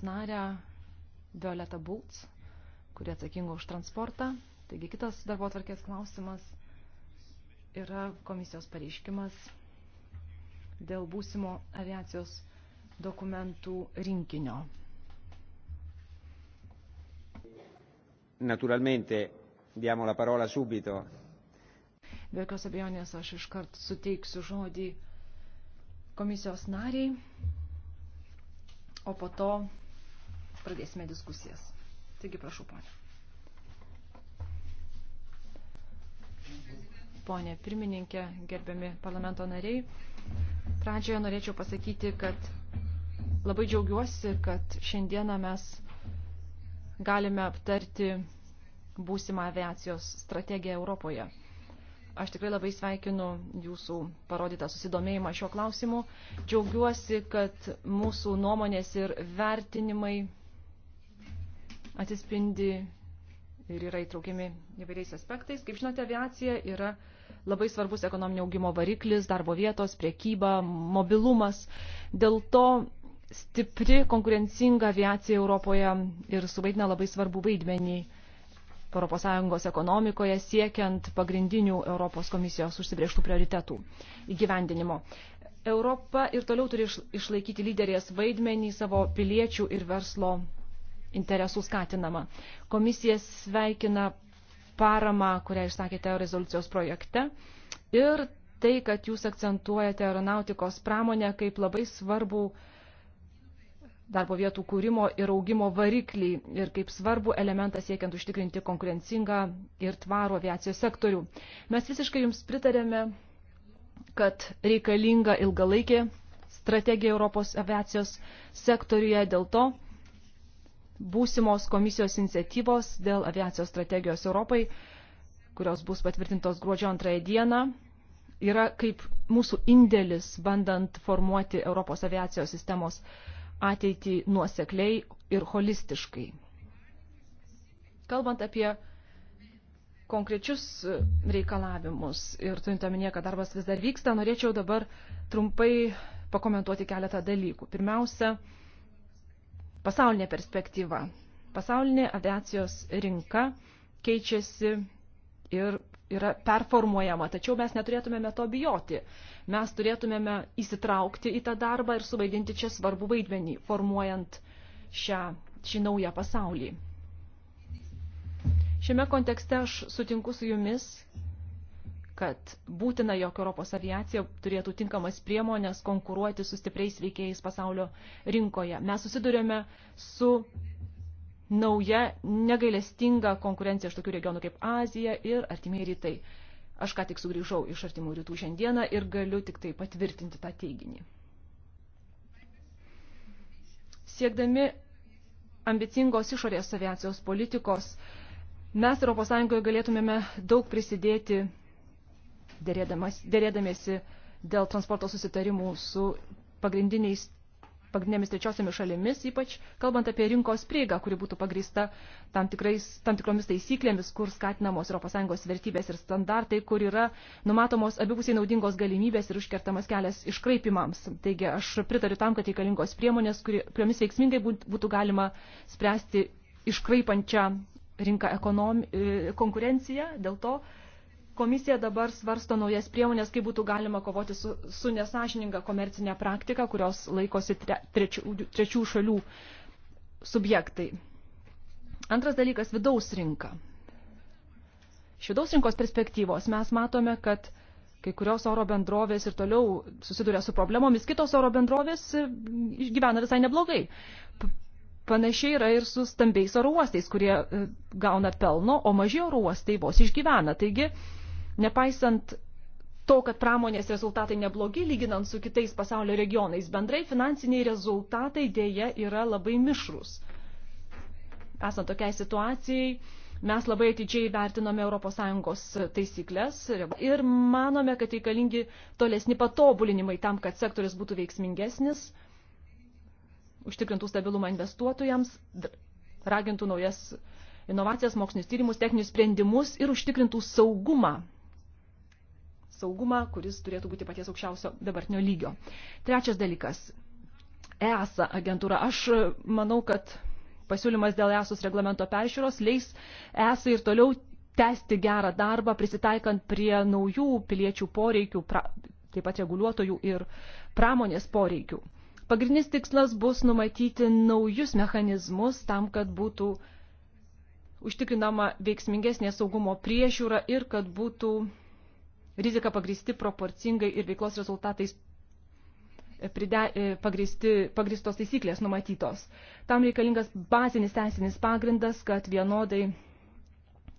tarybos narę Violetą Bulc, kuri atsakinga už transportą. Taigi kitas darbo atvarkės klausimas yra komisijos pareiškimas dėl būsimo aviacijos dokumentų rinkinio. Naturalmente, diamo la parola subito. Be jokios abejonės aš iškart suteiksiu žodį komisijos nariai, o po to pradėsime diskusijas. Taigi prašau, ponė. Ponė pirmininkė, gerbiami parlamento nariai, pradžioje norėčiau pasakyti, kad labai džiaugiuosi, kad šiandieną mes galime aptarti būsimą aviacijos strategiją Europoje. Aš tikrai labai sveikinu jūsų parodytą susidomėjimą šiuo klausimu. Džiaugiuosi, kad mūsų nuomonės ir vertinimai atsispindi ir yra įtraukiami įvairiais aspektais. Kaip žinote, aviacija yra labai svarbus ekonominio augimo variklis, darbo vietos, priekyba, mobilumas. Dėl to stipri, konkurencinga aviacija Europoje ir suvaidina labai svarbu vaidmenį ES ekonomikoje siekiant pagrindinių Europos komisijos užsibrieštų prioritetų įgyvendinimo. Europa ir toliau turi išlaikyti lyderės vaidmenį savo piliečių ir verslo interesų skatinama. Komisija sveikina paramą, kurią išsakėte rezoliucijos projekte ir tai, kad jūs akcentuojate aeronautikos pramonę kaip labai svarbu darbo vietų kūrimo ir augimo variklį ir kaip svarbu elementą siekiant užtikrinti konkurencingą ir tvaro aviacijos sektorių. Mes visiškai jums pritarėme, kad reikalinga ilgalaikė strategija Europos aviacijos sektoriuje dėl to, būsimos komisijos iniciatyvos dėl aviacijos strategijos Europai, kurios bus patvirtintos gruodžio antrąją dieną, yra kaip mūsų indėlis bandant formuoti Europos aviacijos sistemos ateitį nuosekliai ir holistiškai. Kalbant apie konkrečius reikalavimus ir turint omenyje, kad darbas vis dar vyksta, norėčiau dabar trumpai pakomentuoti keletą dalykų. Pirmiausia, pasaulinė perspektyva. Pasaulinė aviacijos rinka keičiasi ir yra performuojama, tačiau mes neturėtumėme to bijoti. Mes turėtumėme įsitraukti į tą darbą ir suvaidinti čia svarbu vaidmenį, formuojant šią, šį naują pasaulį. Šiame kontekste aš sutinku su jumis, kad būtina, jog Europos aviacija turėtų tinkamas priemonės konkuruoti su stipriais veikėjais pasaulio rinkoje. Mes susidurėme su nauja negailestinga konkurencija iš tokių regionų kaip Azija ir Artimiai rytai. Aš ką tik sugrįžau iš Artimų rytų šiandieną ir galiu tik tai patvirtinti tą teiginį. Siekdami ambicingos išorės aviacijos politikos, mes ES galėtumėme daug prisidėti dėrėdamėsi dėl transporto susitarimų su pagrindiniais pagrindinėmis trečiosiamis šalimis, ypač kalbant apie rinkos prieigą, kuri būtų pagrįsta tam, tikrais, tam tikromis taisyklėmis, kur skatinamos ES vertybės ir standartai, kur yra numatomos abipusiai naudingos galimybės ir užkertamas kelias iškraipimams. Taigi aš pritariu tam, kad reikalingos priemonės, kuri, kuriomis veiksmingai būtų galima spręsti iškraipančią rinką ekonomi, e, konkurenciją, dėl to Komisija dabar svarsto naujas priemonės, kaip būtų galima kovoti su, su nesažininga komercinė praktika, kurios laikosi tre, trečių, trečių šalių subjektai. Antras dalykas – vidaus rinka. Iš vidaus rinkos perspektyvos mes matome, kad kai kurios oro bendrovės ir toliau susiduria su problemomis, kitos oro bendrovės e, gyvena visai neblogai. Panašiai yra ir su stambiais oro uostais, kurie e, gauna pelno, o maži oro uostai vos išgyvena. Taigi, Nepaisant to, kad pramonės rezultatai neblogi, lyginant su kitais pasaulio regionais, bendrai finansiniai rezultatai dėja yra labai mišrus. Esant tokiai situacijai, mes labai atidžiai vertinome ES taisyklės ir manome, kad reikalingi tolesni patobulinimai tam, kad sektoris būtų veiksmingesnis, užtikrintų stabilumą investuotojams, ragintų naujas inovacijas, mokslinius tyrimus, techninius sprendimus ir užtikrintų saugumą saugumą, kuris turėtų būti paties aukščiausio dabartinio lygio. Trečias dalykas. EASA agentūra. Aš manau, kad pasiūlymas dėl EASUS reglamento peržiūros leis EASA ir toliau tęsti gerą darbą, prisitaikant prie naujų piliečių poreikių, pra, taip pat reguliuotojų ir pramonės poreikių. Pagrindinis tikslas bus numatyti naujus mechanizmus tam, kad būtų užtikrinama veiksmingesnė saugumo priežiūra ir kad būtų rizika pagristi proporcingai ir veiklos rezultatais pride, e, pagristi, pagristos taisyklės numatytos. Tam reikalingas bazinis teisinis pagrindas, kad vienodai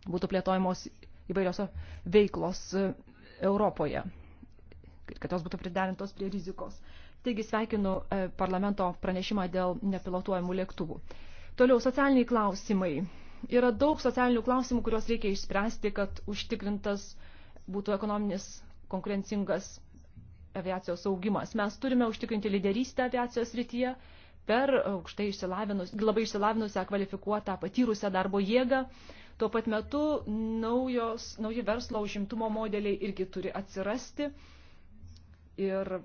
būtų plėtojamos įvairios veiklos e, Europoje, kad jos būtų pridarintos prie rizikos. Taigi sveikinu e, parlamento pranešimą dėl nepilotuojamų lėktuvų. Toliau socialiniai klausimai. Yra daug socialinių klausimų, kuriuos reikia išspręsti, kad užtikrintas uh, būtų ekonominis konkurencingas aviacijos augimas. Mes turime užtikrinti lyderystę aviacijos rytyje per aukštai išsilavinus, labai išsilavinusią, kvalifikuotą, patyrusią darbo jėgą. Tuo pat metu naujos, nauji verslo užimtumo modeliai irgi turi atsirasti ir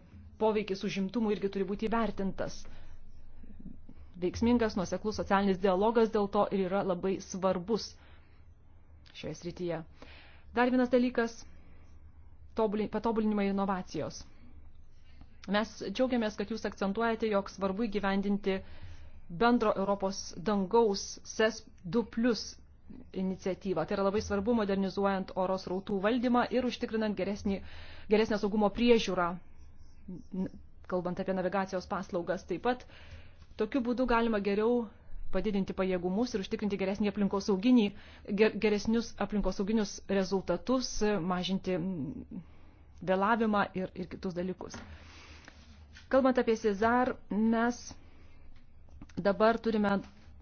poveikis užimtumui irgi turi būti įvertintas. Veiksmingas nuoseklus socialinis dialogas dėl to ir yra labai svarbus šioje srityje. Dar vienas dalykas – patobulinimai ir inovacijos. Mes džiaugiamės, kad jūs akcentuojate, jog svarbu įgyvendinti bendro Europos dangaus SES 2 e iniciatyvą. Tai yra labai svarbu modernizuojant oros rautų valdymą ir užtikrinant geresnį, geresnę saugumo priežiūrą, kalbant apie navigacijos paslaugas. Taip pat tokiu būdu galima geriau padidinti pajėgumus ir užtikrinti geresnį aplinkosauginį, geresnius aplinkosauginius rezultatus, mažinti vėlavimą ir, ir kitus dalykus. Kalbant apie Cezar, mes dabar turime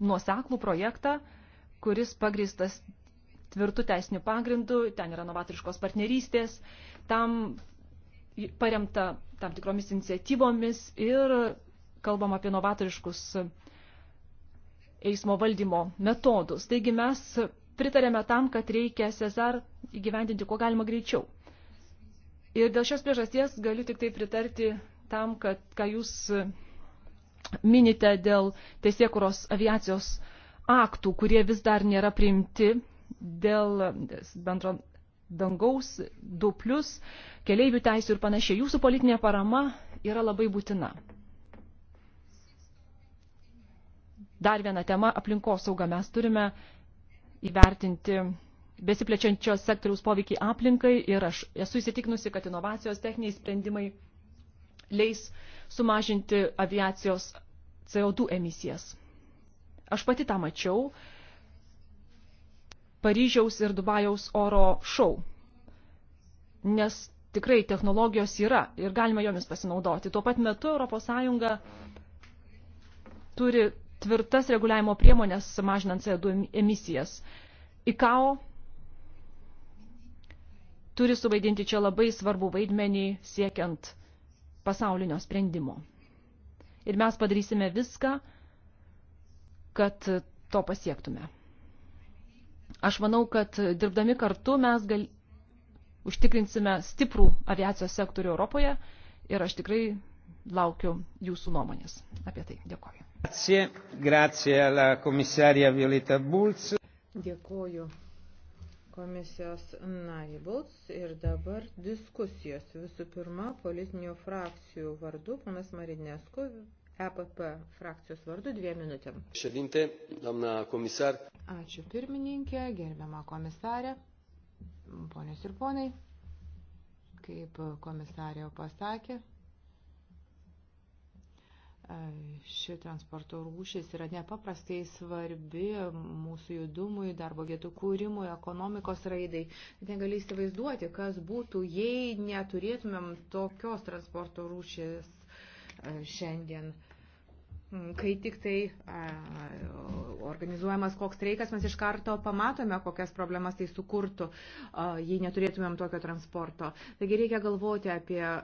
nuoseklų projektą, kuris pagristas tvirtų teisinių pagrindų, ten yra novatoriškos partnerystės, tam paremta tam tikromis iniciatyvomis ir kalbam apie novatoriškus eismo valdymo metodus. Taigi mes pritarėme tam, kad reikia Cezar įgyvendinti kuo galima greičiau. Ir dėl šios priežasties galiu tik tai pritarti tam, kad ką jūs minite dėl teisėkuros aviacijos aktų, kurie vis dar nėra priimti dėl bendro dangaus, du plus, keleivių teisų ir panašiai. Jūsų politinė parama yra labai būtina. Dar viena tema - aplinkosauga. Mes turime įvertinti besiplečiančios sektoriaus poveikį aplinkai ir aš esu įsitikinusi, kad inovacijos techniniai sprendimai leis sumažinti aviacijos CO2 emisijas. Aš pati tą mačiau Paryžiaus ir Dubajaus oro šou, nes tikrai technologijos yra ir galima jomis pasinaudoti. Tuo pat metu ES turi tvirtas reguliavimo priemonės mažinant CO2 emisijas. ICAO turi suvaidinti čia labai svarbų vaidmenį siekiant pasaulinio sprendimo. Ir mes padarysime viską, kad to pasiektume. Aš manau, kad dirbdami kartu mes gal... užtikrinsime stiprų aviacijos sektorių Europoje ir aš tikrai laukiu jūsų nuomonės apie tai. Dėkoju. Grazie, grazie alla komisarija Violeta Bulc. Dėkuoju komisijos narį Bulc ir dabar diskusijos. Visų pirma, politinių frakcijų vardu, panas Marinesku, EPP frakcijos vardu dviem minutėm. Šedinte, damna komisar. Ačiū pirmininkė, gerbiama komisarė, ponios ir ponai, kaip komisarė pasakė, ši transporto rūšis yra nepaprastai svarbi mūsų judumui, darbo vietų kūrimui, ekonomikos raidai. Negali įsivaizduoti, kas būtų, jei neturėtumėm tokios transporto rūšis e, šiandien. Uh, Mm, kai tik tai a, organizuojamas koks streikas, mes iš karto pamatome, kokias problemas tai sukurtų, a, jei neturėtumėm tokio transporto. Taigi reikia galvoti apie a,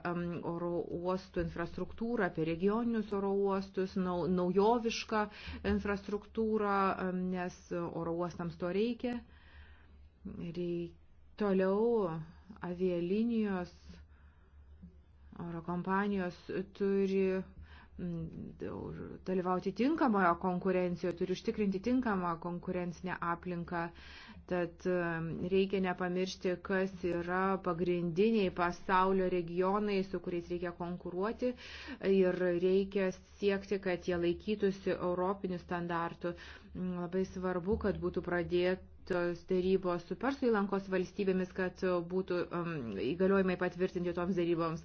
oro uostų infrastruktūrą, apie regioninius oro uostus, nau, naujovišką infrastruktūrą, a, nes oro uostams to reikia. reikia. Toliau avialinijos oro kompanijos turi dalyvauti tinkamojo konkurencijoje, turi užtikrinti tinkamą konkurencinę aplinką. Tad reikia nepamiršti, kas yra pagrindiniai pasaulio regionai, su kuriais reikia konkuruoti ir reikia siekti, kad jie laikytųsi europinių standartų. Labai svarbu, kad būtų pradėta tos darybos su Persų įlankos valstybėmis, kad būtų um, įgaliojimai patvirtinti toms daryboms.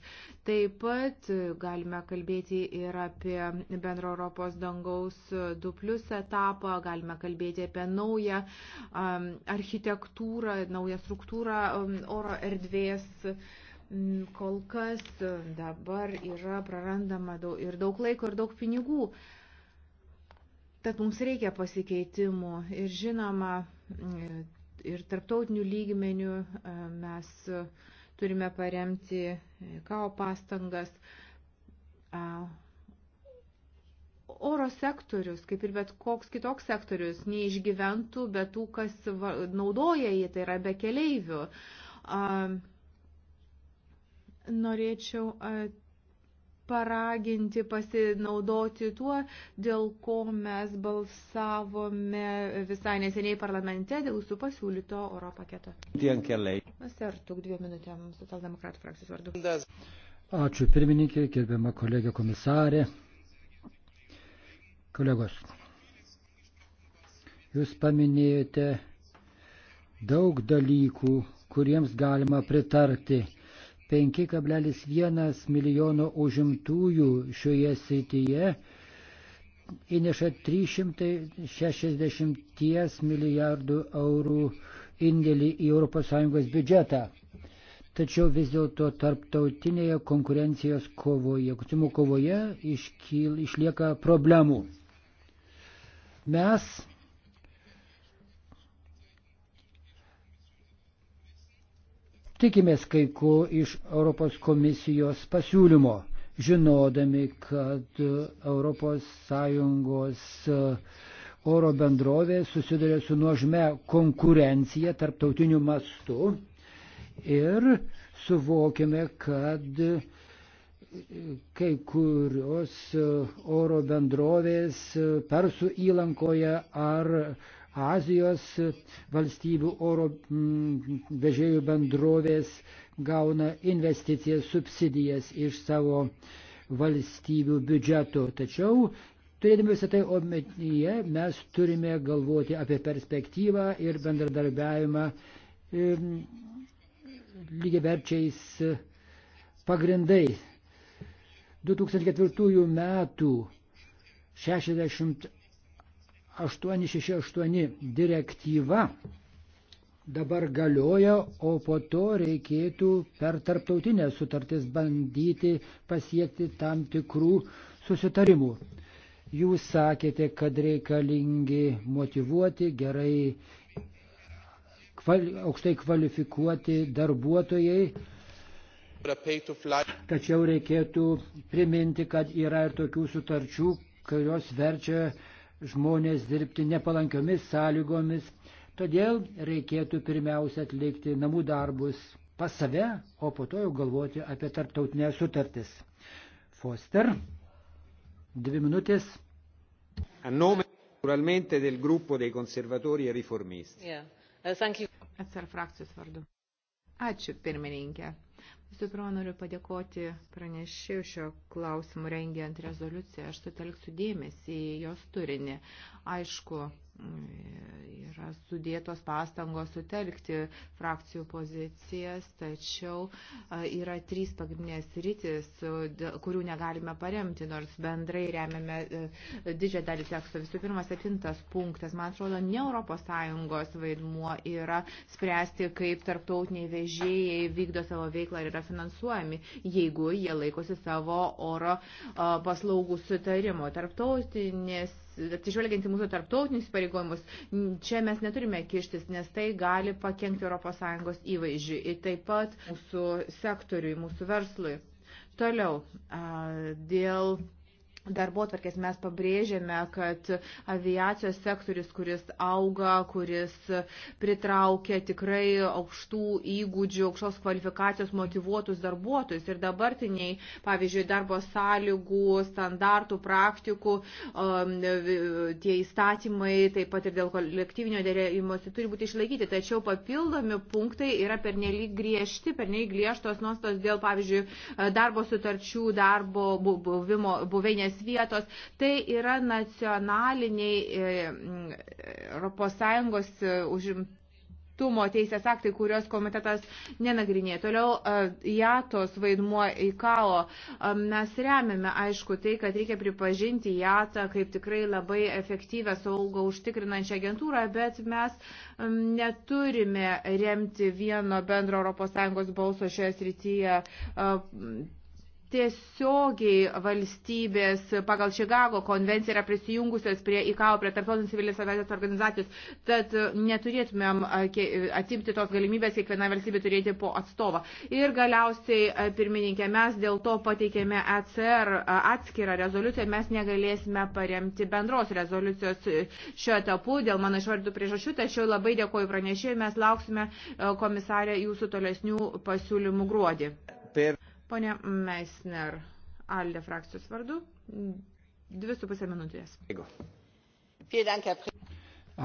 Taip pat galime kalbėti ir apie bendro Europos dangaus 2 plus etapą, galime kalbėti apie naują um, architektūrą, naują struktūrą um, oro erdvės. Mm, kol kas dabar yra prarandama daug, ir daug laiko, ir daug pinigų. Tad mums reikia pasikeitimų ir žinoma, Ir tarptautinių lygmenių e, mes turime paremti kao pastangas. Oro sektorius, kaip ir bet koks kitoks sektorius, neišgyventų be tų, kas naudoja jį, tai yra be keleivių. Norėčiau at paraginti pasinaudoti tuo, dėl ko mes balsavome visai neseniai parlamente dėl jūsų pasiūlyto oro paketo. Dien keliai. Mes ir tuk dviem minutėm socialdemokratų frakcijos vardu. Ačiū pirmininkė, gerbiama kolegė komisarė. Kolegos, jūs paminėjote daug dalykų, kuriems galima pritarti 5,1 milijono užimtųjų šioje srityje įneša 360 milijardų eurų indėlį į ES biudžetą. Tačiau vis dėlto tarptautinėje konkurencijos kovoje, kovoje iškyl, išlieka problemų. Mes tikimės kai ko iš Europos komisijos pasiūlymo, žinodami, kad ES uh, oro bendrovė susiduria su nuožme konkurencija tarptautiniu mastu ir suvokime, kad uh, kai kurios uh, oro bendrovės Persų įlankoje ar Azijos valstybių oro mm, vežėjų bendrovės gauna investicijas, subsidijas iš savo valstybių biudžetų. Tačiau, turėdami visą tai omenyje, mes turime galvoti apie perspektyvą ir bendradarbiavimą lygiaverčiais pagrindais. 2004 metų 60 868 direktyva dabar galioja, o po to reikėtų per tarptautinę sutartis bandyti pasiekti tam tikrų susitarimų. Jūs sakėte, kad reikalingi motivuoti, gerai kvali, aukštai kvalifikuoti darbuotojai. Tačiau reikėtų priminti, kad yra ir tokių sutarčių, kurios verčia žmonės dirbti nepalankiomis sąlygomis. Todėl reikėtų pirmiausia atlikti namų darbus pas save, o po to jau galvoti apie tarptautinės sutartis. Foster, dvi minutės. Naturalmente del gruppo dei conservatori e riformisti. Yeah. Uh, Atsar frakcijos vardu. Ačiū, pirmininkė. Visų pirma, noriu padėkoti pranešėjų šio klausimų rengiant rezoliuciją. Aš sutelksiu dėmesį į jos turinį. Aišku, yra sudėtos pastangos sutelkti frakcijų pozicijas, tačiau yra trys pagrindinės rytis, kurių negalime paremti, nors bendrai remiame e, didžią dalį teksto. Visų pirma, septintas punktas, man atrodo, ne ES vaidmuo yra spręsti, kaip tarptautiniai vežėjai vykdo savo veiklą ir yra finansuojami, jeigu jie laikosi savo oro paslaugų sutarimo. Tarptautinės atsižvelgiant į mūsų tarptautinius pareigojimus, čia mes neturime kištis, nes tai gali pakengti ES įvaizdžiui ir taip pat mūsų sektoriui, mūsų verslui. Toliau, dėl darbo atvarkės mes pabrėžėme, kad aviacijos sektorius, kuris auga, kuris pritraukia tikrai aukštų įgūdžių, aukštos kvalifikacijos motivuotus darbuotojus ir dabartiniai, pavyzdžiui, darbo sąlygų, standartų, praktikų, um, tie įstatymai, taip pat ir dėl kolektyvinio dėrėjimuose turi būti išlaikyti. Tačiau papildomi punktai yra pernelyg griežti, pernelyg griežtos nuostos dėl, pavyzdžiui, darbo sutarčių, darbo buvimo, buveinės vietos. Tai yra nacionaliniai ES užimt tumo teisės aktai, kurios komitetas nenagrinėja. Toliau e, JATOS vaidmuo IKAO. E, mes remiame, aišku, tai, kad reikia pripažinti JATą kaip tikrai labai efektyvę saugą užtikrinančią agentūrą, bet mes neturime remti vieno bendro ES balso šioje srityje. E, tiesiogiai valstybės pagal Čikago konvenciją yra prisijungusios prie IKAO, prie Tarptautinės civilinės aviacijos organizacijos, tad neturėtumėm atimti tos galimybės kiekviena valstybė turėti po atstovą. Ir galiausiai, pirmininkė, mes dėl to pateikėme ECR atskirą rezoliuciją, mes negalėsime paremti bendros rezoliucijos šiuo etapu dėl mano išvardytų priežasčių, tačiau labai dėkoju pranešėjui, mes lauksime komisarė jūsų tolesnių pasiūlymų gruodį. Per... Pone Meisner, Alde frakcijos vardu, dvi su pusė minutės.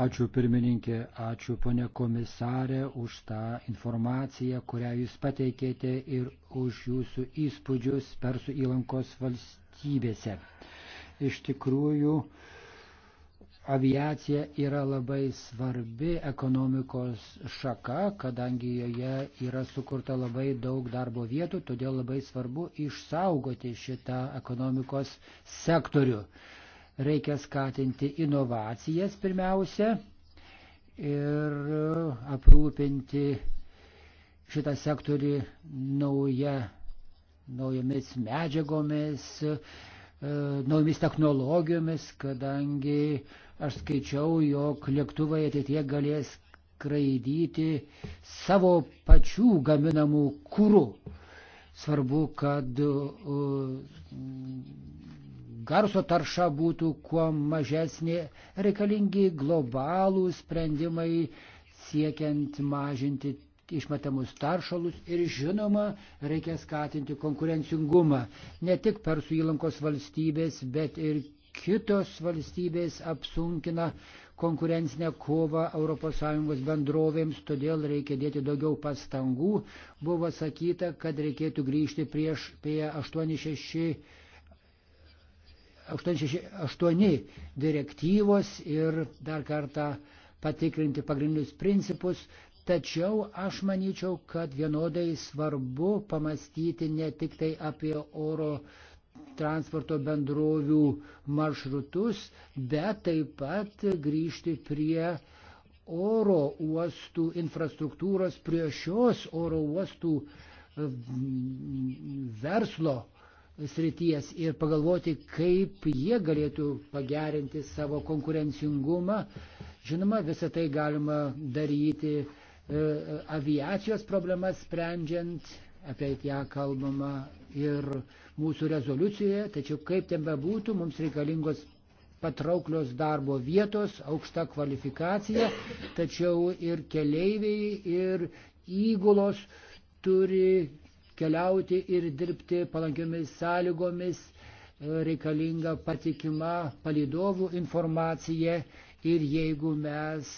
Ačiū pirmininkė, ačiū ponė komisarė už tą informaciją, kurią jūs pateikėte ir už jūsų įspūdžius Persų įlankos valstybėse. Iš tikrųjų, aviacija yra labai svarbi ekonomikos šaka, kadangi joje yra sukurta labai daug darbo vietų, todėl labai svarbu išsaugoti šitą ekonomikos sektorių. Reikia skatinti inovacijas pirmiausia ir aprūpinti šitą sektorių nauja, naujomis medžiagomis, e, naujomis technologijomis, kadangi Aš skaičiau, jog lėktuvai ateitie galės skraidyti savo pačių gaminamų kūrų. Svarbu, kad garso tarša būtų kuo mažesnė, reikalingi globalų sprendimai siekiant mažinti išmetamus taršalus ir žinoma, reikia skatinti konkurencingumą ne tik Persų įlankos valstybės, bet ir kitos valstybės apsunkina konkurencinę kovą ES bendrovėms, todėl reikia dėti daugiau pastangų. Buvo sakyta, kad reikėtų grįžti prieš prie 86. 868 direktyvos ir dar kartą patikrinti pagrindinius principus, Tačiau aš manyčiau, kad vienodai svarbu pamastyti ne tik tai apie oro transporto bendrovių maršrutus, bet taip pat grįžti prie oro uostų infrastruktūros, prie šios oro uostų mm, verslo srities ir pagalvoti, kaip jie galėtų pagerinti savo konkurencingumą. Žinoma, visą tai galima daryti e, aviacijos problemas sprendžiant, apie ją kalbama ir mūsų rezoliucijoje, tačiau kaip ten bebūtų, mums reikalingos patrauklios darbo vietos, aukšta kvalifikacija, tačiau ir keleiviai, ir įgulos turi keliauti ir dirbti palankiomis sąlygomis, reikalinga patikima palidovų informacija ir jeigu mes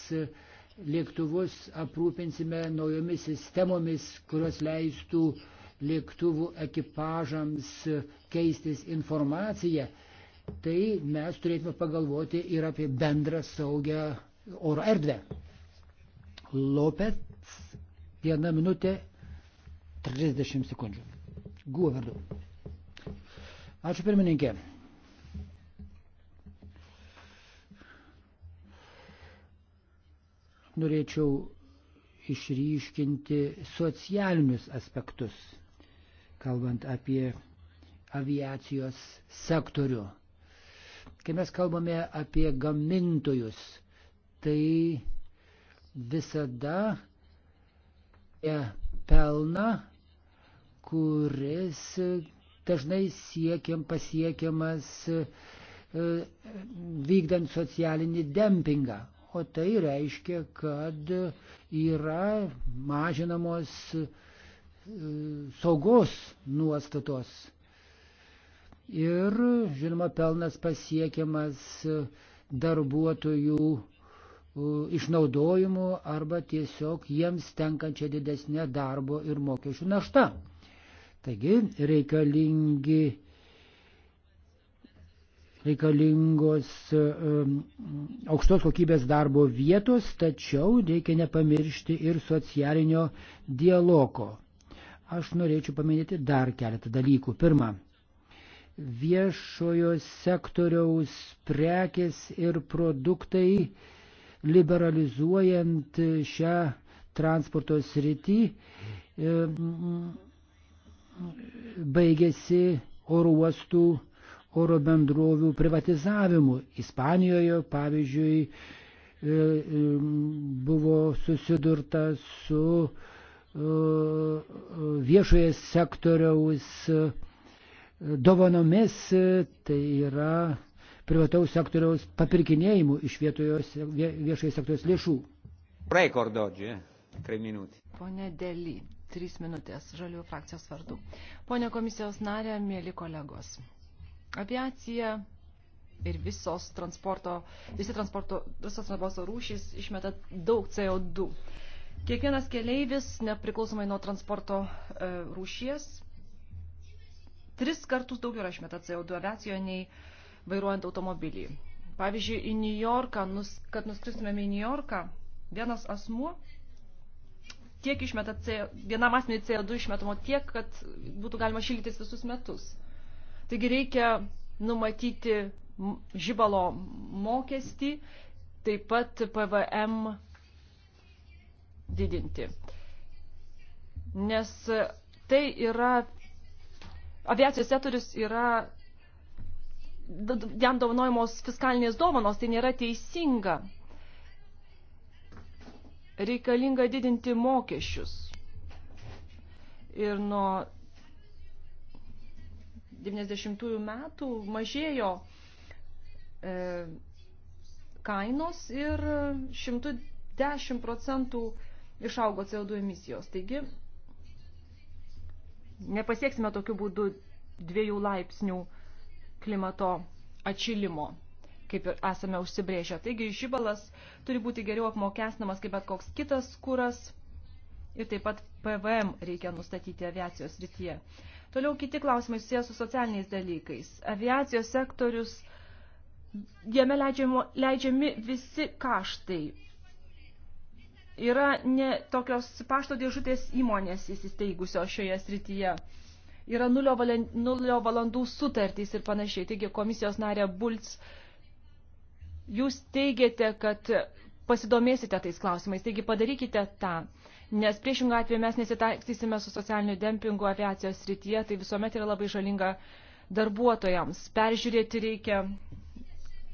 lėktuvus aprūpinsime naujomis sistemomis, kurios leistų uh, lėktuvų ekipažams keistis informaciją, tai mes turėtume pagalvoti ir apie bendrą saugią oro erdvę. Lopet, viena minutė, 30 sekundžių. Guo vardu. Ačiū pirmininkė. Norėčiau išryškinti socialinius aspektus kalbant apie aviacijos sektorių. Kai mes kalbame apie gamintojus, tai visada pelną, kuris dažnai siekiam pasiekiamas e, vykdant socialinį dempingą. O tai reiškia, kad yra mažinamos uh, saugos nuostatos. Ir, žinoma, pelnas pasiekiamas darbuotojų išnaudojimu arba tiesiog jiems tenkančia didesnė darbo ir mokesčių našta. Taigi reikalingi, reikalingos um, aukštos kokybės darbo vietos, tačiau reikia nepamiršti ir socialinio dialogo. Aš norėčiau paminėti dar keletą dalykų. Pirma, viešojo sektoriaus prekės ir produktai liberalizuojant šią transporto sritį e, baigėsi oro uostų, oro bendrovių privatizavimu. Ispanijoje, pavyzdžiui, e, e, buvo susidurta su uh, viešoje sektoriaus dovanomis, tai yra privataus sektoriaus papirkinėjimų iš vietojos, viešojo sektoriaus lėšų. Rekordodžiai, 3 eh? minutės. Pone Deli, 3 minutės žaliųjų frakcijos vardu. Pone komisijos narė, mėly kolegos. Aviacija ir visos transporto, visi transporto, visos transporto rūšys išmeta daug CO2 Kiekvienas keleivis, nepriklausomai nuo transporto e, rūšies, tris kartus daugiau yra išmeta CO2 aviacijoje nei vairuojant automobilį. Pavyzdžiui, į New Yorką, nus, kad nuskristumėme į New Yorką, vienas asmuo tiek išmeta, CO, vienam asmeniui CO2 išmetamo tiek, kad būtų galima šildytis visus metus. Taigi reikia numatyti žibalo mokestį, taip pat PVM didinti. Nes tai yra, aviacijos sektorius yra, jam daunojamos fiskalinės dovanos, tai nėra teisinga. Reikalinga didinti mokesčius. Ir nuo 90 metų mažėjo e, kainos ir 110 procentų išaugo CO2 emisijos. Taigi, nepasieksime tokiu būdu dviejų laipsnių klimato atšilimo, kaip ir esame užsibrėžę. Taigi, žibalas turi būti geriau apmokestinamas kaip bet koks kitas kuras ir taip pat PVM reikia nustatyti aviacijos rytyje. Toliau kiti klausimai susijęs su socialiniais dalykais. Aviacijos sektorius, jame leidžiami, leidžiami visi kaštai Yra ne tokios pašto dėžutės įmonės įsisteigusios šioje srityje. Yra nulio, valen, nulio valandų sutartys ir panašiai. Taigi, komisijos narė Bulc, jūs teigiate, kad pasidomėsite tais klausimais. Taigi, padarykite tą nes priešingą atveju mes nesitaikstysime su socialiniu dempingu aviacijos srityje, tai visuomet yra labai žalinga darbuotojams. Peržiūrėti reikia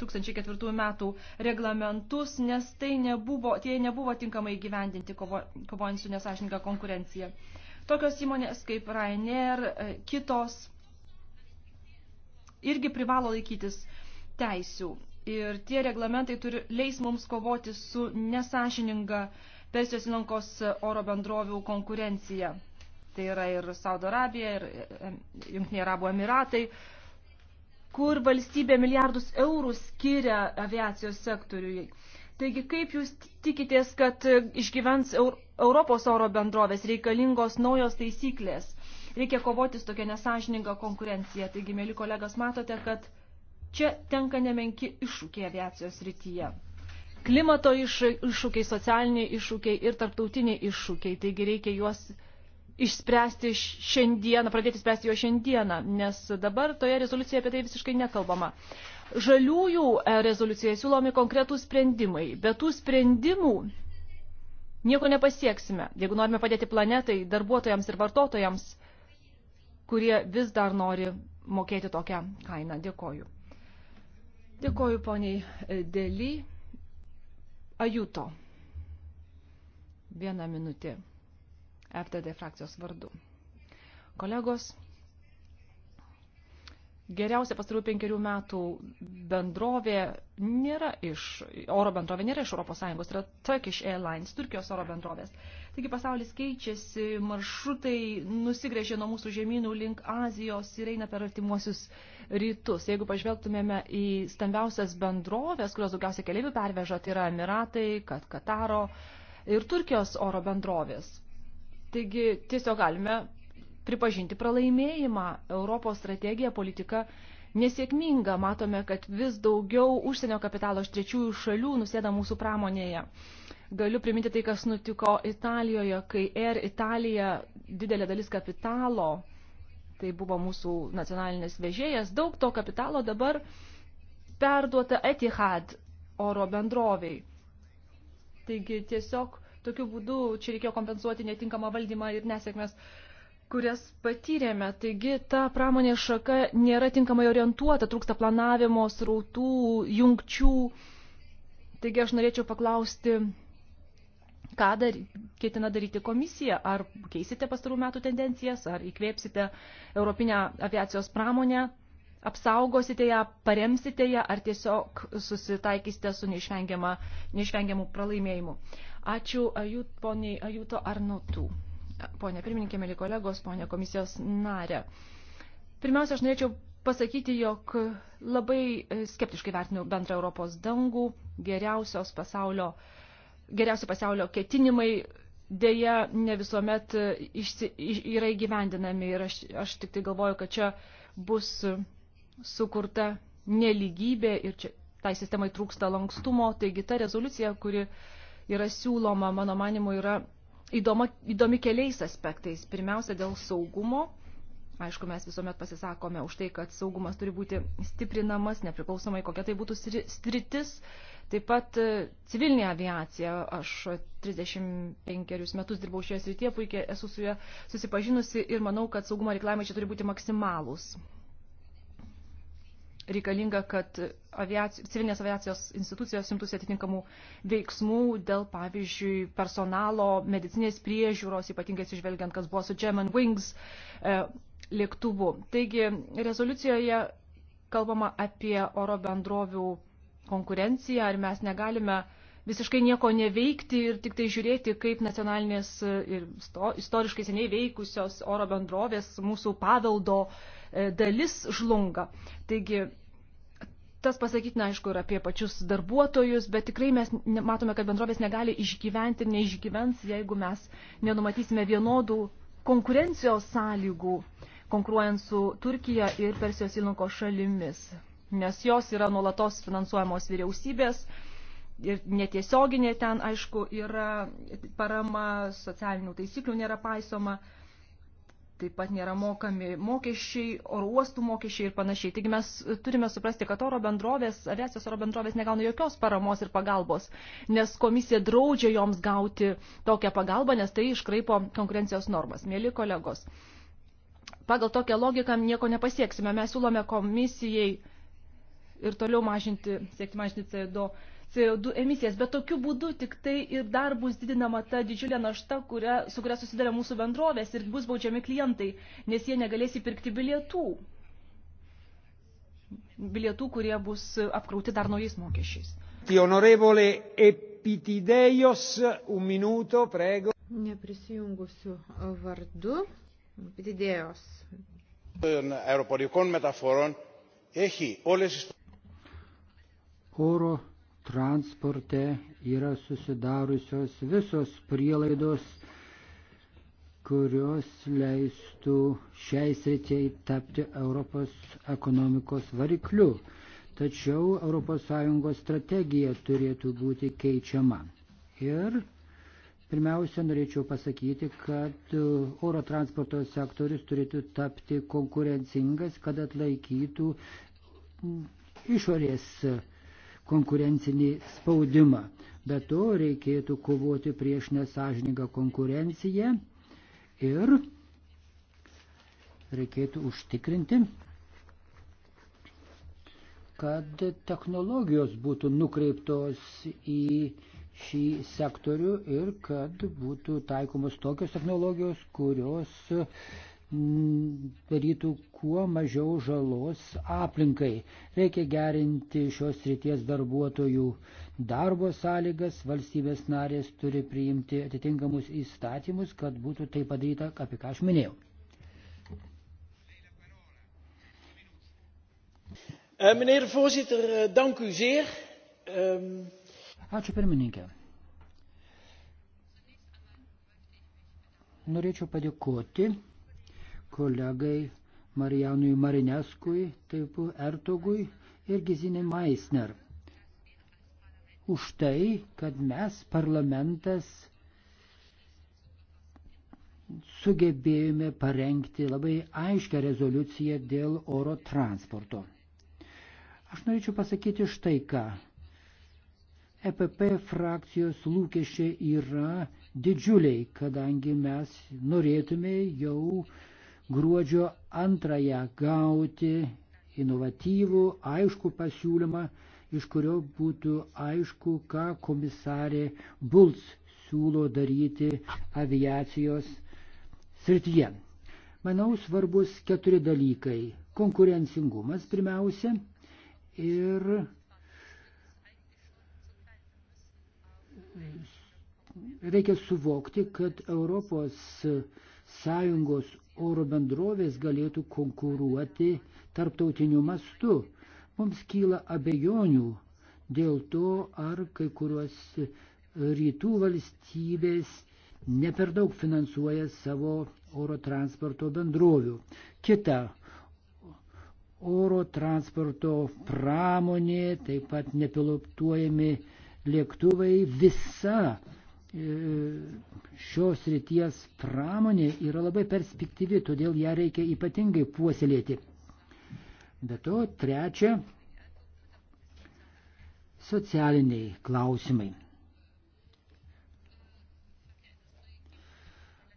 2004 metų reglamentus, nes tai nebuvo, tie nebuvo tinkamai gyvendinti kovo, kovojant su nesažininga konkurencija. Tokios įmonės kaip Ryanair, e, kitos irgi privalo laikytis teisių. Ir tie reglamentai turi, leis mums kovoti su nesažininga Persijos įlankos oro bendrovių konkurencija. Tai yra ir Saudo Arabija, ir e, e, Junktiniai Arabų Emiratai kur valstybė milijardus eurų skiria aviacijos sektoriui. Taigi kaip jūs tikitės, kad e, išgyvens Europos oro bendrovės reikalingos naujos taisyklės? Reikia kovoti su tokia nesažininga konkurencija. Taigi, mėly kolegos, matote, kad čia tenka nemenki iššūkiai aviacijos rytyje. Klimato iššūkiai, socialiniai iššūkiai ir tarptautiniai iššūkiai. Taigi reikia juos išspręsti šiandieną, pradėti spręsti jo šiandieną, nes dabar toje rezoliucijoje apie tai visiškai nekalbama. Žaliųjų e, rezoliucijoje siūlomi konkretų sprendimai, bet tų sprendimų nieko nepasieksime, jeigu norime padėti planetai, darbuotojams ir vartotojams, kurie vis dar nori mokėti tokią kainą. Dėkoju. Dėkoju poniai e, Dėly. Ajuto. Viena minutė. FTD frakcijos vardu. Kolegos, geriausia pastarųjų penkerių metų bendrovė nėra iš, oro bendrovė nėra iš ES, tai yra Turkish Airlines, Turkijos oro bendrovės. Taigi pasaulis keičiasi, maršrutai nusigrėžė nuo mūsų žemynų link Azijos ir eina per artimuosius rytus. Jeigu pažvelgtumėme į stambiausias bendrovės, kurios daugiausia keliaivių perveža, tai yra Emiratai, Kataro ir Turkijos oro bendrovės Taigi tiesiog galime pripažinti pralaimėjimą. Europos strategija, politika nesėkminga. Matome, kad vis daugiau užsienio kapitalo iš trečiųjų šalių nusėda mūsų pramonėje. Galiu priminti tai, kas nutiko Italijoje, kai Air Italija didelė dalis kapitalo, tai buvo mūsų nacionalinis vežėjas, daug to kapitalo dabar perduota Etihad oro bendroviai. Taigi tiesiog Tokiu būdu čia reikėjo kompensuoti netinkamą valdymą ir nesėkmės kurias patyrėme. Taigi ta pramonės šaka nėra tinkamai orientuota, trūksta planavimo, srautų, jungčių. Taigi aš norėčiau paklausti, ką dar ketina daryti komisija, ar keisite pastarų metų tendencijas, ar įkvėpsite Europinę aviacijos pramonę apsaugosite ją, paremsite ją, ar tiesiog susitaikysite su neišvengiamu pralaimėjimu. Ačiū ajut, poniai Ajuto Arnotų. Pone pirmininkė, mėly kolegos, ponė komisijos narė. Pirmiausia, aš norėčiau pasakyti, jog labai e, skeptiškai vertinu bendrą Europos dangų, geriausios pasaulio, geriausi pasaulio ketinimai dėja ne visuomet e, išsi, yra įgyvendinami ir aš, aš tik tai galvoju, kad čia bus sukurta neligybė ir čia tai sistemai trūksta lankstumo, taigi ta rezoliucija, kuri yra siūloma, mano manimu, yra įdoma, įdomi keliais aspektais. Pirmiausia, dėl saugumo. Aišku, mes visuomet pasisakome už tai, kad saugumas turi būti stiprinamas, nepriklausomai kokia tai būtų stritis. Taip pat e, civilinė aviacija. Aš 35 metus dirbau šioje srityje, puikiai esu su ja susipažinusi ir manau, kad saugumo reikalavimai čia turi būti maksimalūs reikalinga, kad aviacijos, civilinės aviacijos institucijos imtųsi atitinkamų veiksmų dėl, pavyzdžiui, personalo, medicinės priežiūros, ypatingai atsižvelgiant, kas buvo su German Wings e, lėktuvu. Taigi, rezoliucijoje kalbama apie oro bendrovių konkurenciją, ar mes negalime visiškai nieko neveikti ir tik tai žiūrėti, kaip nacionalinės ir istoriškai seniai veikusios oro bendrovės mūsų paveldo uh, E, dalis žlunga. Taigi, tas pasakytina, aišku, ir apie pačius darbuotojus, bet tikrai mes matome, kad bendrovės negali išgyventi ir neišgyvens, jeigu mes nenumatysime vienodų konkurencijos sąlygų, konkuruojant su Turkija ir Persijos įlanko šalimis, nes jos yra nuolatos finansuojamos vyriausybės. Ir netiesioginė ten, aišku, yra parama, socialinių taisyklių nėra paisoma. Uh, taip pat nėra mokami mokesčiai, oro uostų mokesčiai ir panašiai. Taigi mes turime suprasti, kad oro bendrovės, aviacijos oro bendrovės negauna jokios paramos ir pagalbos, nes komisija draudžia joms gauti tokią pagalbą, nes tai iškraipo konkurencijos normas. Mėly kolegos, pagal tokią logiką nieko nepasieksime. Mes siūlome komisijai ir toliau mažinti, siekti mažinti CO2 CO2 emisijas, bet tokiu būdu tik tai ir dar bus didinama ta didžiulė našta, kuria, su kuria susidarė mūsų bendrovės ir bus baudžiami klientai, nes jie negalės įpirkti bilietų. Bilietų, kurie bus apkrauti dar naujais mokesčiais. Epitidėjos, un minuto, prego. Neprisijungusiu vardu. Epitidėjos. Aeroporikon metaforon. Echi, olės. Oro transporte yra susidariusios visos prielaidos, kurios leistų šiai sričiai tapti Europos ekonomikos varikliu. Tačiau ES strategija turėtų būti keičiama. Ir pirmiausia, norėčiau pasakyti, kad oro transporto sektorius turėtų tapti konkurencingas, kad atlaikytų išorės konkurencinį spaudimą. Be to reikėtų kovoti prieš nesažiningą konkurenciją ir reikėtų užtikrinti, kad technologijos būtų nukreiptos į šį sektorių ir kad būtų taikomos tokios technologijos, kurios darytų kuo mažiau žalos aplinkai. Reikia gerinti šios ryties darbuotojų darbo sąlygas, valstybės narės turi priimti atitinkamus įstatymus, kad būtų tai padaryta, apie ką aš minėjau. Eh, meneer de voorzitter, eh, dank u zeer. Ehm, Ačiū pirmininkė. Norėčiau padėkoti kolegai Marijanui Marineskui, taip Ertogui ir Gizinė Maisner. Už tai, kad mes, parlamentas, sugebėjome parengti labai aiškę rezoliuciją dėl oro transporto. Aš norėčiau pasakyti štai ką. EPP frakcijos lūkesčiai yra didžiuliai, kadangi mes norėtume jau gruodžio antrąją gauti inovatyvų, aišku pasiūlymą, iš kurio būtų aišku, ką komisarė Bulc siūlo daryti aviacijos srityje. Manau, svarbus keturi dalykai. Konkurencingumas pirmiausia ir reikia suvokti, kad Europos Sąjungos oro bendrovės galėtų konkuruoti tarptautiniu mastu. Mums kyla abejonių dėl to, ar kai kurios rytų valstybės ne per daug finansuoja savo oro transporto bendrovių. Kita oro transporto pramonė, taip pat nepilotuojami lėktuvai, visa šios ryties pramonė yra labai perspektyvi, todėl ją reikia ypatingai puoselėti. Be to, trečia, socialiniai klausimai.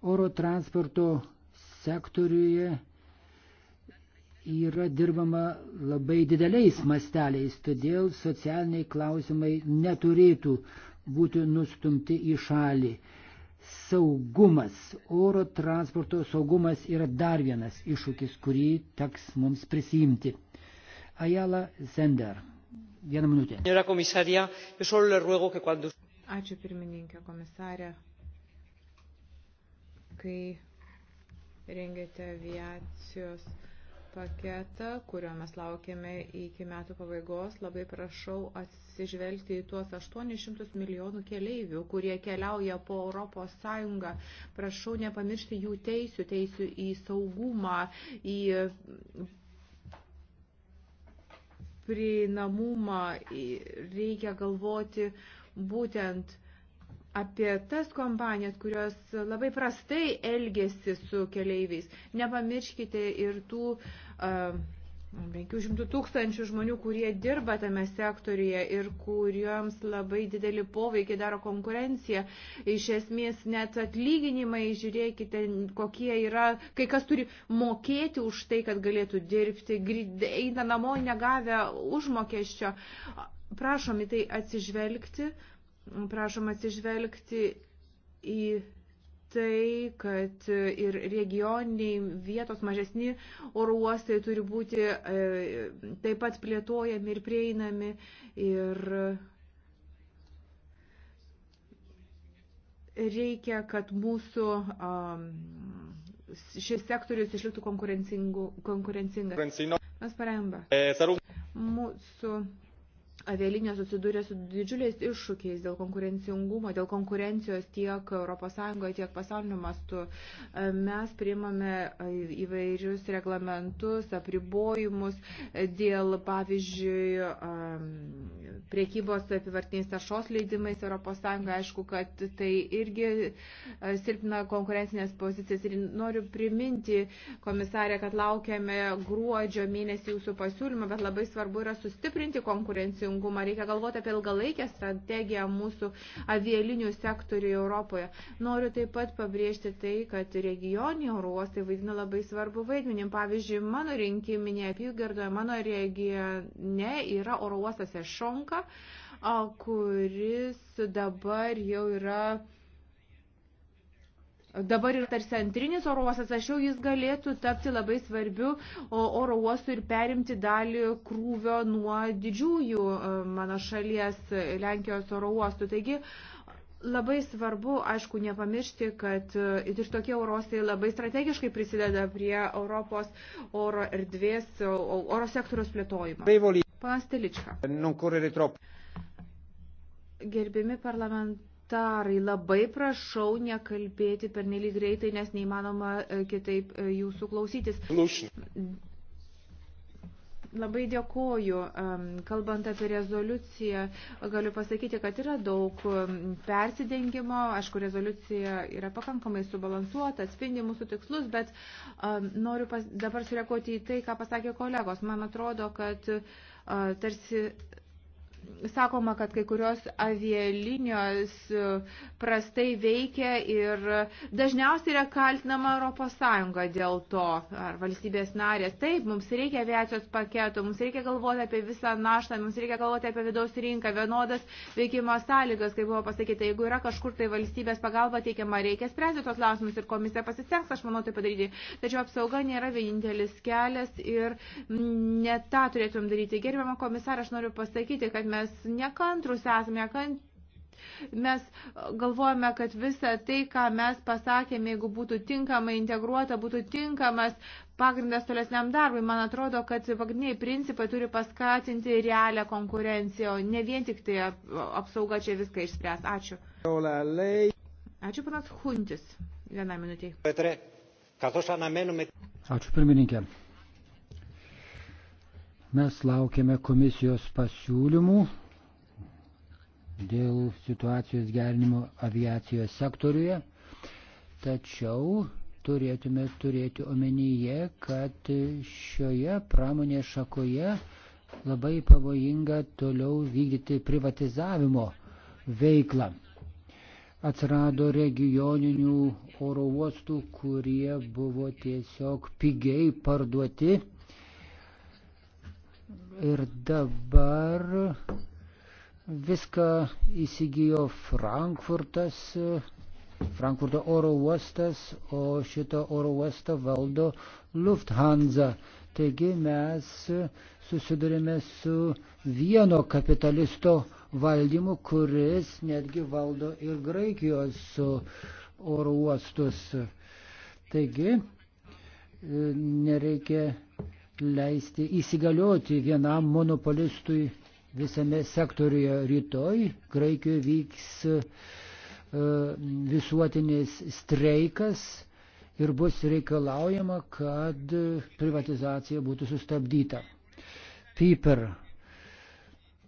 Oro transporto sektoriuje yra dirbama labai dideliais masteliais, todėl socialiniai klausimai neturėtų uh, būti nustumti į šalį. Saugumas, oro transporto saugumas yra dar vienas iššūkis, kurį teks mums prisimti. Ajala Sender. Vieną minutę. Ačiū pirmininkė komisarė. Kai rengėte aviacijos paketą, kurio mes laukiame iki metų pabaigos, labai prašau atsitikti atsižvelgti į tuos 800 milijonų keleivių, kurie keliauja po Europos Sąjungą. Prašau nepamiršti jų teisių, teisių į saugumą, į prieinamumą. Reikia galvoti būtent apie tas kompanijas, kurios labai prastai elgėsi su keleiviais. Nepamirškite ir tų uh, 500 tūkstančių žmonių, kurie dirba tame sektoriuje ir kuriems labai didelį poveikį daro konkurencija. Iš esmės net atlyginimai, žiūrėkite, kokie yra, kai kas turi mokėti už tai, kad galėtų dirbti, eina namo negavę užmokesčio. Prašom į tai atsižvelgti, prašom atsižvelgti į tai, kad ir regioniniai vietos mažesni oro uostai turi būti e, taip pat plėtojami ir prieinami. Ir reikia, kad mūsų šis sektorius išliktų konkurencingas. Mes paremba. E, mūsų avialinijos susidūrė su didžiuliais iššūkiais dėl konkurencingumo, dėl konkurencijos tiek ES, tiek pasaulio mastu. E, mes priimame e, įvairius reglamentus, apribojimus e, dėl, pavyzdžiui, priekybos apivartiniais taršos leidimais ES, aišku, kad tai irgi silpna konkurencinės pozicijas. Ir noriu priminti, komisarė, kad laukiame gruodžio mėnesį jūsų pasiūlymą, bet labai svarbu yra sustiprinti konkurencingumą veiksmingumą, reikia galvoti apie ilgalaikę strategiją mūsų avialinių sektorių Europoje. Noriu taip pat pabrėžti tai, kad regioniai oro uostai vaidina labai svarbu vaidmenį. Pavyzdžiui, mano rinkiminė apygardoje, mano regione yra oro uostas Ešonka, kuris dabar jau yra dabar ir tarsi antrinis oro uostas, aš jau jis galėtų tapti labai svarbiu oro uostu ir perimti dalį krūvio nuo didžiųjų e, mano šalies e, Lenkijos oro uostų. Taigi, Labai svarbu, aišku, nepamiršti, kad e, ir tokie orostai labai strategiškai prisideda prie Europos oro erdvės, oro sektoriaus plėtojimo. Panas Telička. Gerbiami parlamentai Tarai, labai prašau nekalbėti per nelik greitai, nes neįmanoma e, kitaip e, jūsų klausytis. Labai dėkoju. Kalbant apie rezoliuciją, galiu pasakyti, kad yra daug persidengimo. Aišku, rezoliucija yra pakankamai subalansuota, atspindi mūsų tikslus, bet noriu pas, dabar sureaguoti į tai, ką pasakė kolegos. Man atrodo, kad e, tarsi sakoma, kad kai kurios avialinijos e, prastai veikia ir dažniausiai yra kaltinama ES dėl to, ar valstybės narės. Taip, mums reikia aviacijos paketo, mums reikia galvoti apie visą naštą, mums reikia galvoti apie vidaus rinką, vienodas veikimo sąlygas, kaip buvo pasakyta, jeigu yra kažkur tai valstybės pagalba teikiama, reikia spręsti tos klausimus ir komisija pasistengs, aš manau, tai padaryti. Tačiau apsauga nėra vienintelis kelias ir ne tą turėtum daryti. Gerbiamą komisarą, aš noriu pasakyti, kad mes mes nekantrus esame, nekant... mes galvojame, kad visa tai, ką mes pasakėme, jeigu būtų tinkamai integruota, būtų tinkamas pagrindas tolesniam darbui. Man atrodo, kad pagrindiniai principai turi paskatinti realią konkurenciją, ne vien tik tai apsauga čia viską išspręs. Ačiū. Ačiū, panas Huntis. Vieną minutį. Ačiū, pirmininkė. Mes laukiame komisijos pasiūlymų dėl situacijos gerinimo aviacijos sektoriuje, tačiau turėtume turėti omenyje, kad šioje pramonės šakoje labai pavojinga toliau vykdyti privatizavimo veiklą. Atsirado regioninių oro uostų, kurie buvo tiesiog pigiai parduoti Ir dabar viską įsigijo Frankfurtas, Frankfurto oro uostas, o šitą oro uostą valdo Lufthansa. Taigi mes susidurime su vieno kapitalisto valdymu, kuris netgi valdo ir Graikijos oro uostus. Taigi e, nereikia leisti įsigalioti vienam monopolistui visame sektoriuje. Rytoj Graikijoje vyks e, visuotinės streikas ir bus reikalaujama, kad privatizacija būtų sustabdyta. Piper.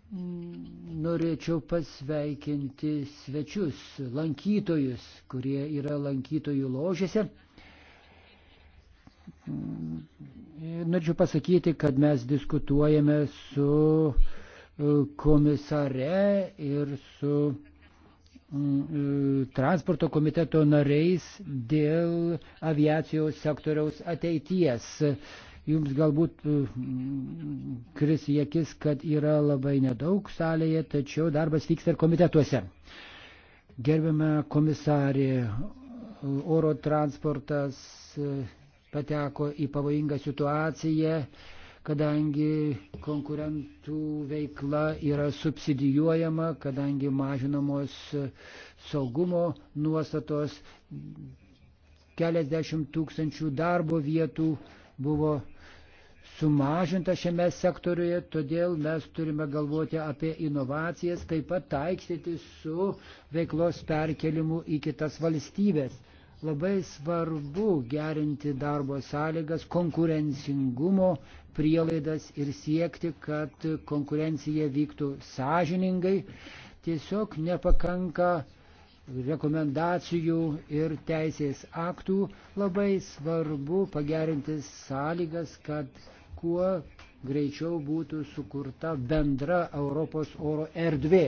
Norėčiau pasveikinti svečius, lankytojus, kurie yra lankytojų ložėse. Mm. Norėčiau pasakyti, kad mes diskutuojame su e, komisare ir su mm, e, transporto komiteto nariais dėl aviacijos sektoriaus ateities. Jums galbūt e, kris į akis, kad yra labai nedaug salėje, tačiau darbas vyksta ir komitetuose. Gerbiame komisarį, oro transportas pateko į pavojingą situaciją, kadangi konkurentų veikla yra subsidijuojama, kadangi mažinamos saugumo nuostatos, keliasdešimt tūkstančių darbo vietų buvo sumažinta šiame sektoriuje, todėl mes turime galvoti apie inovacijas, taip pat taikstyti su veiklos perkelimu į kitas valstybės. Labai svarbu gerinti darbo sąlygas, konkurencingumo prielaidas ir siekti, kad konkurencija vyktų sąžiningai. Tiesiog nepakanka rekomendacijų ir teisės aktų. Labai svarbu pagerinti sąlygas, kad kuo greičiau būtų sukurta bendra Europos oro erdvė.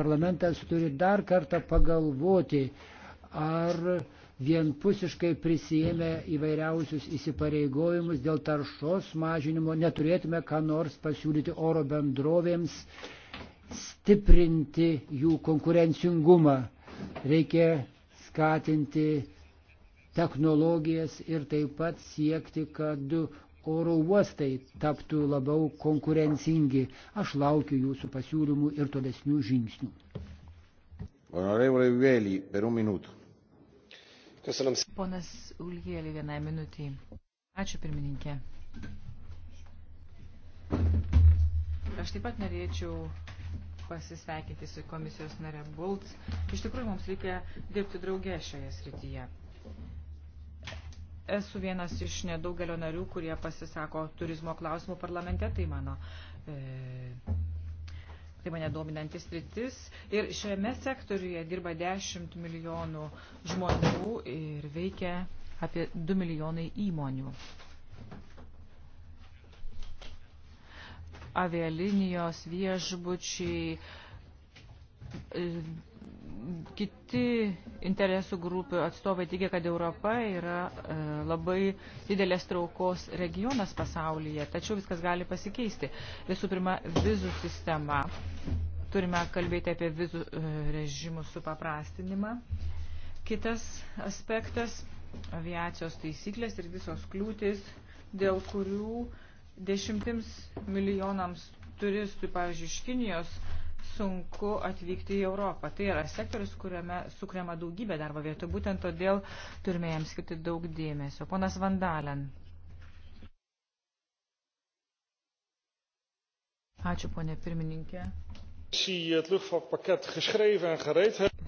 Parlamentas turi dar kartą pagalvoti, ar vienpusiškai prisijėmę įvairiausius įsipareigojimus dėl taršos mažinimo, neturėtume ką nors pasiūlyti oro bendrovėms stiprinti jų konkurencingumą. Reikia skatinti technologijas ir taip pat siekti, kad oro uostai taptų labiau konkurencingi. Aš laukiu jūsų pasiūlymų ir tolesnių žingsnių. Onorevole Vėly, per un minuto. Köszönöm szépen. Ponas Ulgėlį vienai minutį. Ačiū pirmininkė. Aš taip pat norėčiau pasisveikinti su komisijos nare Bultz. Iš tikrųjų, mums reikia dirbti draugė šioje srityje. Esu vienas iš nedaugelio narių, kurie pasisako turizmo klausimų parlamente, tai mano e, tai mane dominantis rytis. Ir šiame sektoriuje dirba 10 milijonų žmonių ir veikia apie 2 milijonai įmonių. Avialinijos, viešbučiai, kiti interesų grupių atstovai teigia, kad Europa yra e, labai didelės traukos regionas pasaulyje, tačiau viskas gali pasikeisti. Visų pirma, vizų sistema. Turime kalbėti apie vizų e, režimų supaprastinimą. Kitas aspektas - aviacijos taisyklės ir visos kliūtis, dėl kurių dešimtims milijonams turistų, pavyzdžiui, iš Kinijos sunku atvykti į Europą. Tai yra sektorius, kuriame sukuriama daugybė darbo vietų. Būtent todėl turime jam skirti daug dėmesio. Ponas Vandalen. Ačiū, ponė pirmininkė. Eh,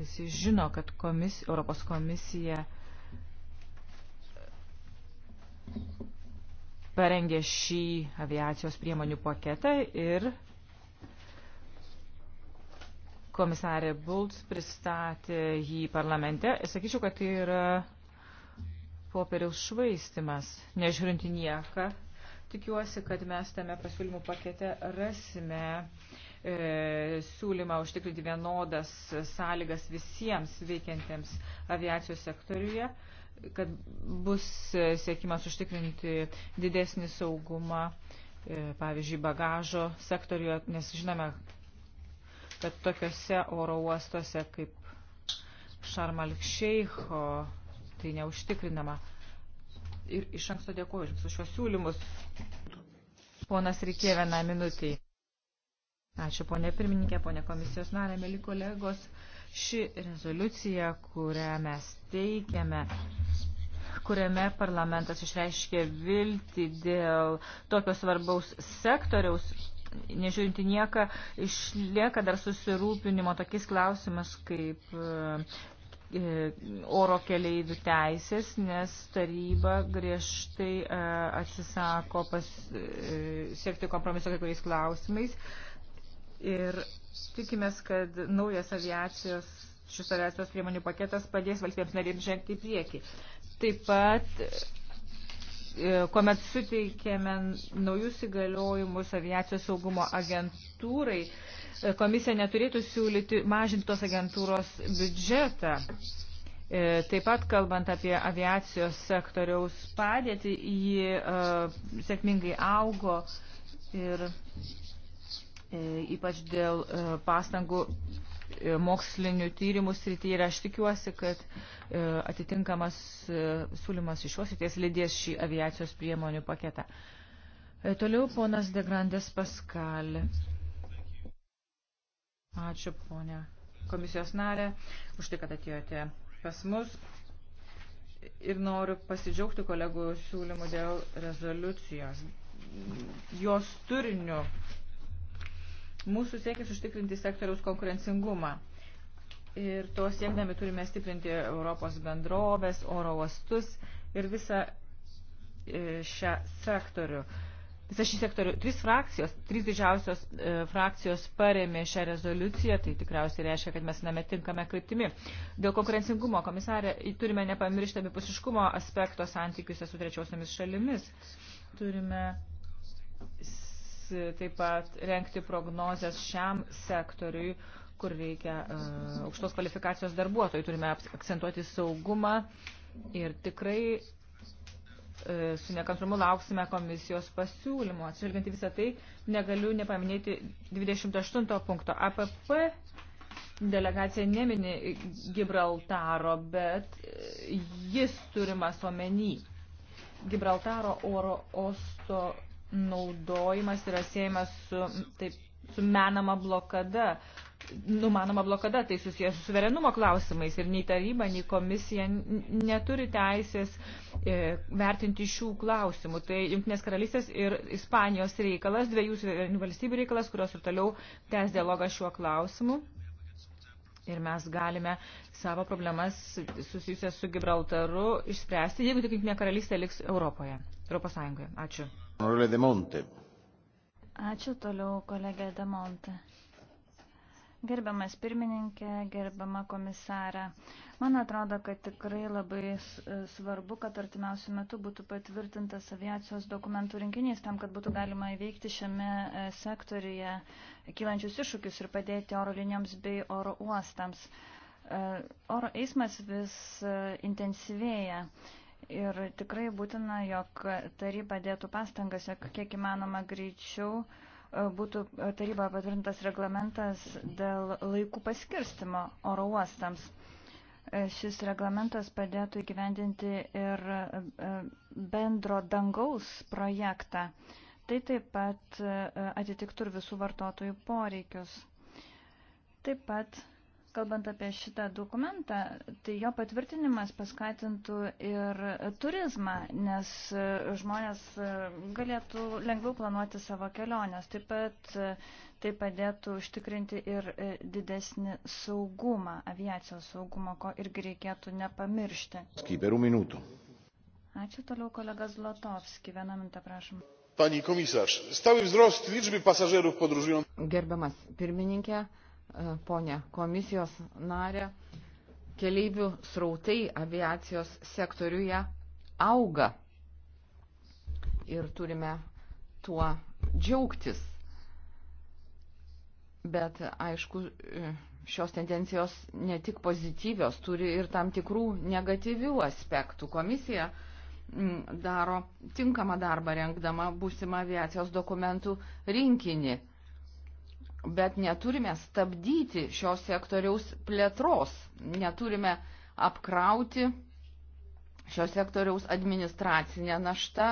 Visi žino, kad komis, Europos komisija eh, parengė šį aviacijos priemonių paketą ir Komisarė Bultz pristatė jį parlamente. Sakyčiau, kad tai yra popieriaus švaistimas, nežiūrint į nieką. Tikiuosi, kad mes tame pasiūlymų pakete rasime e, siūlymą užtikrinti vienodas sąlygas visiems veikiantiems aviacijos sektoriuje, kad bus siekimas užtikrinti didesnį saugumą, e, pavyzdžiui, bagažo sektoriuje, nes žinome, kad tokiuose oro uostuose kaip Šarmalkšeiko tai neužtikrinama. Ir iš anksto dėkuoju už šios siūlymus. Ponas Rikė vieną minutį. Ačiū, ponė pirmininkė, ponė komisijos narė, mėly kolegos. Ši rezoliucija, kurią mes teikiame, kuriame parlamentas išreiškė viltį dėl tokio svarbaus sektoriaus nežiūrinti nieką, išlieka dar susirūpinimo tokiais klausimas kaip e, e, oro keleivių teisės, nes taryba griežtai e, atsisako pas, siekti kompromiso kai kuriais klausimais. Ir tikimės, kad naujas aviacijos, šis aviacijos priemonių paketas padės valstybėms narėms žengti į priekį. Taip pat E, kuomet suteikėme naujus įgaliojimus aviacijos saugumo agentūrai, e, komisija neturėtų siūlyti mažintos agentūros biudžetą. E, taip pat, kalbant apie aviacijos sektoriaus padėtį, ji uh, sėkmingai augo ir uh, ypač dėl uh, pastangų E, mokslinių tyrimų srityje ir aš tikiuosi, kad e, atitinkamas e, siūlymas iš šios srities lydės šį aviacijos priemonių paketą. Toliau ponas Degrandės Paskal. Ačiū, ponė komisijos narė, už tai, kad atėjote pas mus. Ir noriu pasidžiaugti kolegų siūlymų dėl rezoliucijos jos turiniu Mūsų siekis užtikrinti sektoriaus konkurencingumą. Ir to siekdami turime stiprinti Europos bendrovės, oro uostus ir visą e, šią sektorių. Visą šį sektorių. Trys frakcijos, trys didžiausios e, frakcijos paremė šią rezoliuciją, tai tikriausiai reiškia, kad mes name tinkame kryptimi. Dėl konkurencingumo, komisarė, turime nepamiršti abipusiškumo aspekto santykiuose su trečiosiamis šalimis. Turime taip pat renkti prognozes šiam sektoriui, kur reikia uh, aukštos kvalifikacijos darbuotojų. Turime akcentuoti saugumą ir tikrai uh, su nekantrumu lauksime komisijos pasiūlymo. Atsižvelgiant į visą tai, negaliu nepaminėti 28 punkto. APP delegacija nemini Gibraltaro, bet e, jis turimas omeny. Gibraltaro oro osto naudojimas yra siejamas su, taip, su menama blokada. Numanoma blokada, tai susijęs su suverenumo klausimais ir nei taryba, nei komisija neturi teisės e, vertinti šių klausimų. Tai Junktinės karalystės ir Ispanijos reikalas, dviejų suverenių valstybių reikalas, kurios ir toliau tęs dialogą šiuo klausimu. Ir mes galime savo problemas susijusias su Gibraltaru išspręsti, jeigu tik Junktinė karalystė liks Europoje, Europos Sąjungoje. Ačiū. Ačiū toliau, kolegė Demonte. Gerbiamas pirmininkė, gerbiama komisarė. Man atrodo, kad tikrai labai e, svarbu, kad artimiausių metų būtų patvirtintas aviacijos dokumentų rinkinys tam, kad būtų galima įveikti šiame e, sektorija kylančius iššūkius ir padėti oro linijoms bei oro uostams. E, oro eismas vis intensyvėja ir tikrai būtina, jog taryba dėtų pastangas, jog kiek įmanoma greičiau e, būtų e, taryba patvirtintas reglamentas dėl laikų paskirstimo oro uostams. E, šis reglamentas padėtų įgyvendinti ir bendro dangaus projektą. Tai taip pat atitiktų ir visų vartotojų poreikius. Taip pat Kalbant apie šitą dokumentą, tai jo patvirtinimas paskatintų ir turizmą, nes žmonės galėtų lengviau planuoti savo keliones. Taip pat tai padėtų užtikrinti ir didesnį saugumą, aviacijos saugumo, ko irgi reikėtų nepamiršti. Skyberų minutų. Ačiū toliau kolega Zlotovski. Vieną minutę prašom. Pani komisarz, stały wzrost liczby pasażerów podróżujących. Gerbiamas pirmininkė. E, ponė komisijos narė, keleivių srautai aviacijos sektoriuje auga ir turime tuo džiaugtis. Bet aišku, e, šios tendencijos ne tik pozityvios, turi ir tam tikrų negatyvių aspektų. Komisija daro tinkamą darbą renkdama būsimą aviacijos dokumentų rinkinį bet neturime stabdyti šio sektoriaus plėtros, neturime apkrauti šio sektoriaus administracinę naštą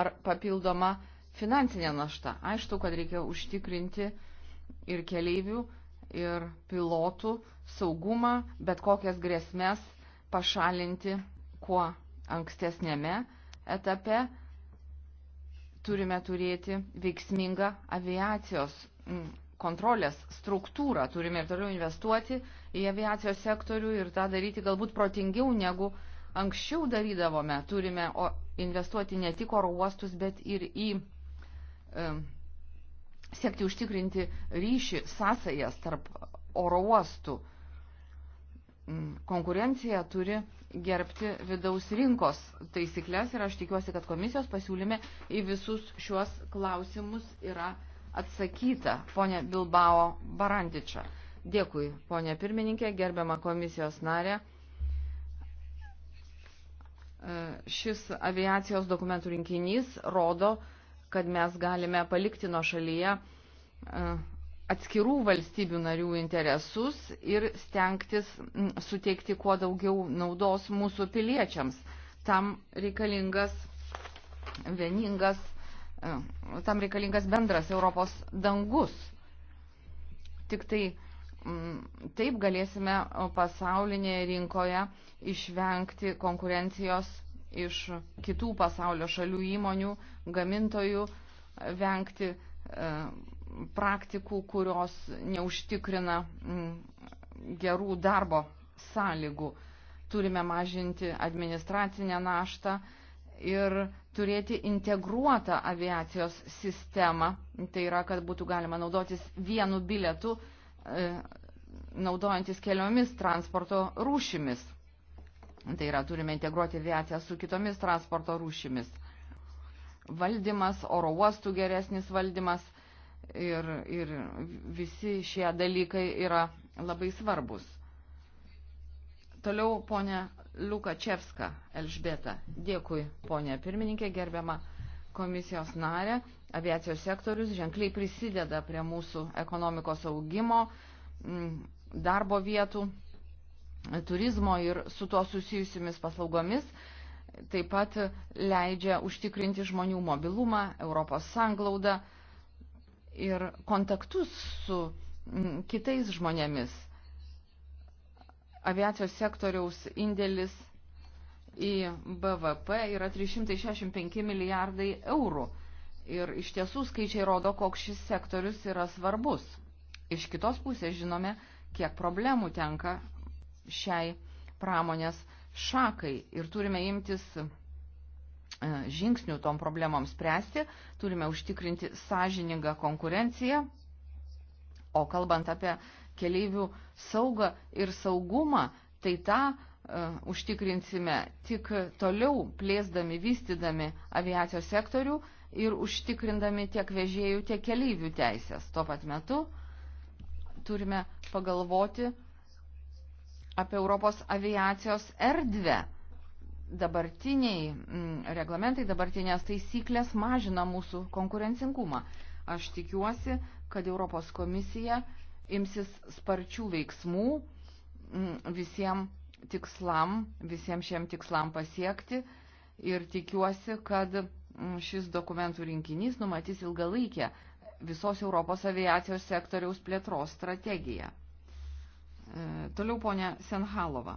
ar papildomą finansinę naštą. Aišku, kad reikia užtikrinti ir keleivių, ir pilotų saugumą, bet kokias grėsmės pašalinti kuo ankstesnėme etape. Turime turėti veiksmingą aviacijos mm, kontrolės struktūrą. Turime ir toliau investuoti į aviacijos sektorių ir tą daryti galbūt protingiau negu anksčiau darydavome. Turime investuoti ne tik oro uostus, bet ir į e, siekti užtikrinti ryšį, sąsajas tarp oro uostų. Mm, konkurencija turi gerbti vidaus rinkos taisyklės ir aš tikiuosi, kad komisijos pasiūlyme į visus šiuos klausimus yra atsakyta, ponė Bilbao Barantiča. Dėkui, ponė pirmininkė, gerbiama komisijos narė. E, šis aviacijos dokumentų rinkinys rodo, kad mes galime palikti nuo šalyje e, atskirų valstybių narių interesus ir stengtis suteikti kuo daugiau naudos mūsų piliečiams. Tam reikalingas vieningas Tam reikalingas bendras Europos dangus. Tik tai mm, taip galėsime pasaulinėje rinkoje išvengti konkurencijos iš kitų pasaulio šalių įmonių, gamintojų, vengti praktikų, kurios neužtikrina gerų darbo sąlygų. Turime mažinti administracinę naštą ir turėti integruotą aviacijos sistemą. Tai yra, kad būtų galima naudotis vienu bilietu, e, naudojantis keliomis transporto rūšimis. Tai yra, turime integruoti aviaciją su kitomis transporto rūšimis. Valdymas, oro uostų geresnis valdymas ir, ir visi šie dalykai yra labai svarbus. Toliau, ponė Lukačevska Elžbeta. Dėkui, ponė pirmininkė, gerbiama komisijos narė. Aviacijos sektorius ženkliai prisideda prie mūsų ekonomikos augimo, mm, darbo vietų, turizmo ir su tuo susijusiamis paslaugomis. Taip pat leidžia užtikrinti žmonių mobilumą, Europos sanglaudą ir kontaktus su mm, kitais žmonėmis aviacijos sektoriaus indėlis į BVP yra 365 milijardai eurų. Ir iš tiesų skaičiai rodo, koks šis sektorius yra svarbus. Iš kitos pusės žinome, kiek problemų tenka šiai pramonės šakai ir turime imtis e, žingsnių tom problemom spręsti, turime užtikrinti sąžiningą konkurenciją, o kalbant apie keleivių saugą ir saugumą, tai tą uh, užtikrinsime tik toliau plėsdami, vystydami aviacijos sektorių ir užtikrindami tiek vežėjų, tiek keleivių teisės. Tuo pat metu turime pagalvoti apie Europos aviacijos erdvę. Dabartiniai m, mm, reglamentai, dabartinės taisyklės mažina mūsų konkurencingumą. Aš tikiuosi, kad Europos komisija uh, imsis sparčių veiksmų mm, visiems tikslam, visiems šiem tikslam pasiekti ir tikiuosi, kad mm, šis dokumentų rinkinys numatys ilgalaikę visos Europos aviacijos sektoriaus plėtros strategiją. E, toliau ponia Senhalova.